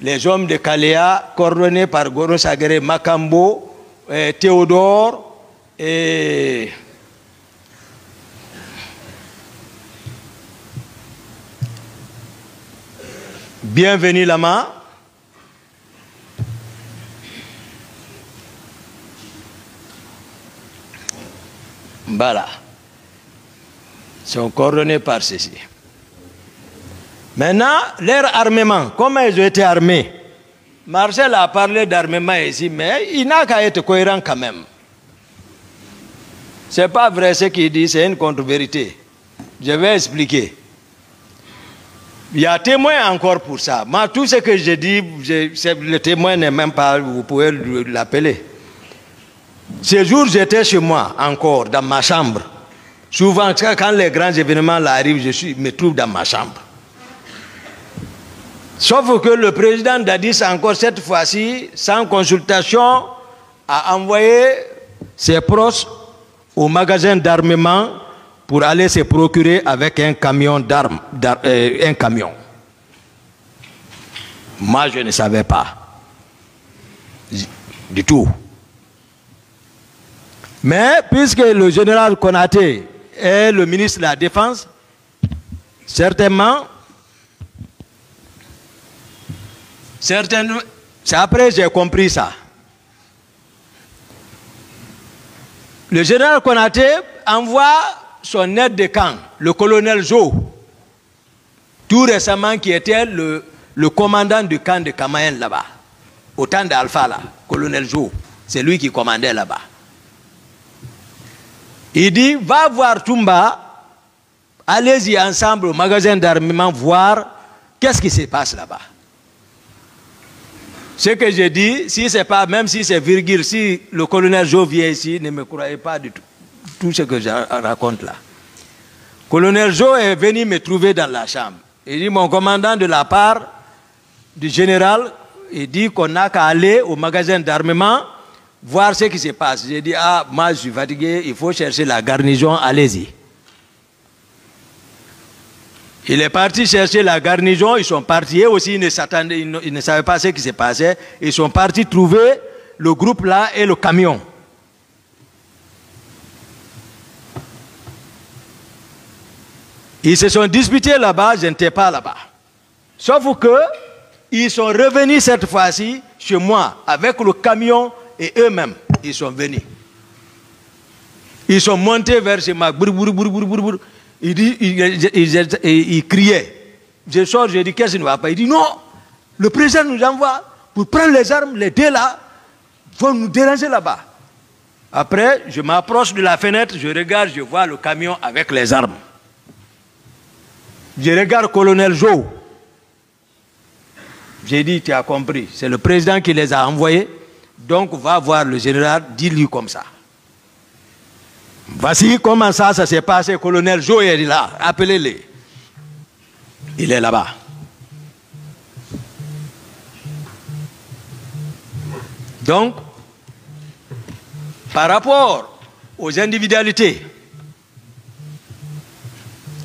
les hommes de Kalea coordonnés par Gono Sangare, Makambo, euh, Théodore et Bienvenue Lama. Voilà. Sont coordonnés par ceci. Maintenant, leur armement, comment ils ont été armés Marcel a parlé d'armement ici, mais il n'a qu'à être cohérent quand même. Ce n'est pas vrai ce qu'il dit, c'est une contre-vérité. Je vais expliquer. Il y a témoin encore pour ça. Moi, tout ce que j'ai dit, le témoin n'est même pas, vous pouvez l'appeler. Ces jours, j'étais chez moi, encore, dans ma chambre. Souvent, quand les grands événements arrivent, je suis, me trouve dans ma chambre. Sauf que le président Dadis, encore cette fois-ci, sans consultation, a envoyé ses proches au magasin d'armement pour aller se procurer avec un camion d'armes, euh, un camion. Moi, je ne savais pas du tout. Mais puisque le général Konaté est le ministre de la Défense, certainement, certainement c'est après j'ai compris ça. Le général Konaté envoie son aide de camp, le colonel Joe, tout récemment qui était le, commandant du camp de Kamayen là-bas, au temps d'Alpha là, colonel Joe, c'est lui qui commandait là-bas. Il dit, va voir Toumba, allez-y ensemble au magasin d'armement voir qu'est-ce qui se passe là-bas. Ce que j'ai dit, si c'est pas, même si c'est virgule, si le colonel Joe vient ici, ne me croyez pas du tout tout ce que je raconte là. Colonel Joe est venu me trouver dans la chambre. Il dit, mon commandant de la part du général, il dit qu'on a qu'à aller au magasin d'armement, voir ce qui se passe. J'ai dit, ah, moi je suis fatigué, il faut chercher la garnison, allez-y. Il est parti chercher la garnison, ils sont partis, aussi ne, ils ne savaient pas ce qui se passait, ils sont partis trouver le groupe là et le camion. Ils se sont disputés là-bas, je n'étais pas là-bas. Sauf que ils sont revenus cette fois-ci chez moi avec le camion et eux-mêmes, ils sont venus. Ils sont montés vers chez moi. Ils, criaient. Je sors, je dis qu'est-ce qui ne va pas Il dit non, le président nous envoie pour prendre les armes, les deux là vont nous déranger là-bas. Après, je m'approche de la fenêtre, je regarde, je vois le camion avec les armes. Je regarde colonel Joe. J'ai dit, tu as compris, c'est le président qui les a envoyés. Donc va voir le général, dis-lui comme ça. Voici comment ça, ça s'est passé. Colonel Joe est là, appelez-le. Il est là-bas. Donc, par rapport aux individualités,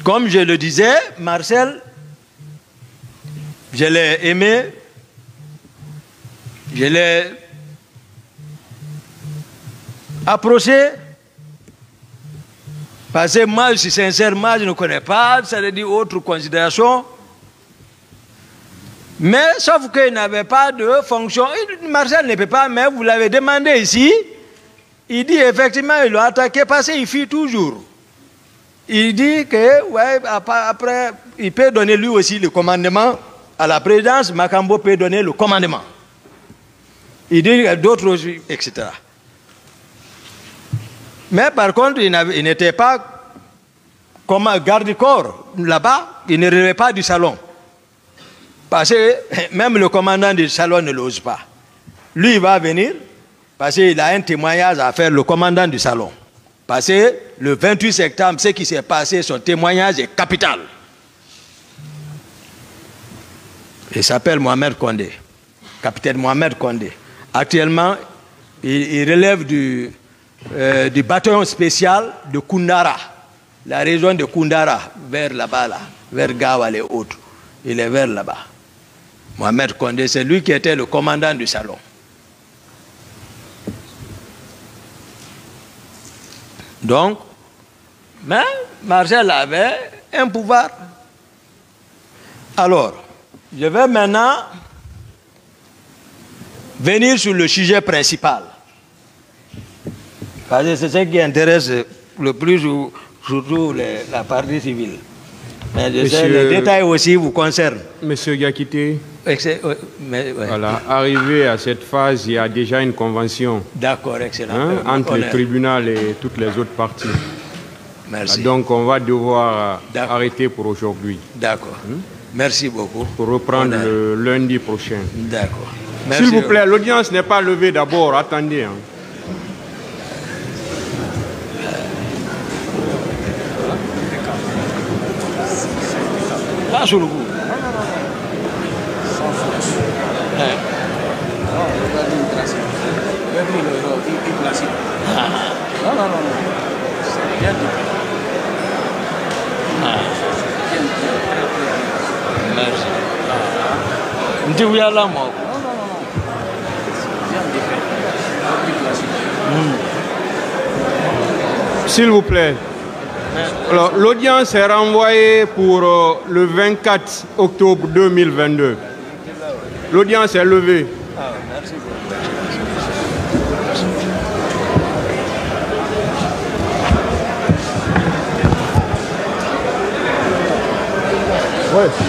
comme je le disais, Marcel, je l'ai aimé, je l'ai approché, parce que moi, je suis sincère, moi, je ne connais pas, ça veut dire autre considération. Mais sauf qu'il n'avait pas de fonction. Marcel ne peut pas, mais vous l'avez demandé ici. Il dit effectivement, il l'a attaqué parce qu'il fuit toujours il dit que, ouais, après, il peut donner lui aussi le commandement à la présidence, Macambo peut donner le commandement. Il dit d'autres, etc. Mais par contre, il n'était pas comme un garde-corps là-bas, il ne rêvait pas du salon. Parce que même le commandant du salon ne l'ose pas. Lui, il va venir parce qu'il a un témoignage à faire, le commandant du salon. Parce que le 28 septembre, ce qui s'est passé, son témoignage est capital. Il s'appelle Mohamed Kondé, capitaine Mohamed Kondé. Actuellement, il, relève du, euh, du, bataillon spécial de Kundara, la région de Koundara, vers là-bas, vers Gawal et autres. Il est vers là-bas. Mohamed Kondé, c'est lui qui était le commandant du salon. Donc, mais Marcel avait un pouvoir. Alors, je vais maintenant venir sur le sujet principal. Parce que c'est ce qui intéresse le plus, surtout la partie civile. Mais je les détails aussi vous concernent. Monsieur Yakité, voilà, arrivé à cette phase, il y a déjà une convention. D'accord, excellent. Hein, euh, entre le tribunal et toutes les autres parties. Merci. Donc on va devoir euh, arrêter pour aujourd'hui. D'accord. Hmm? Merci beaucoup. Pour reprendre le lundi prochain. D'accord. S'il vous plaît, l'audience n'est pas levée d'abord. Attendez. Hein. sur le goût. Hein? Non, ah. non, non. Non, Non, C'est bien non, non, non. S'il vous plaît. Alors, l'audience est renvoyée pour euh, le 24 octobre 2022. L'audience est levée. Ah, merci beaucoup. What?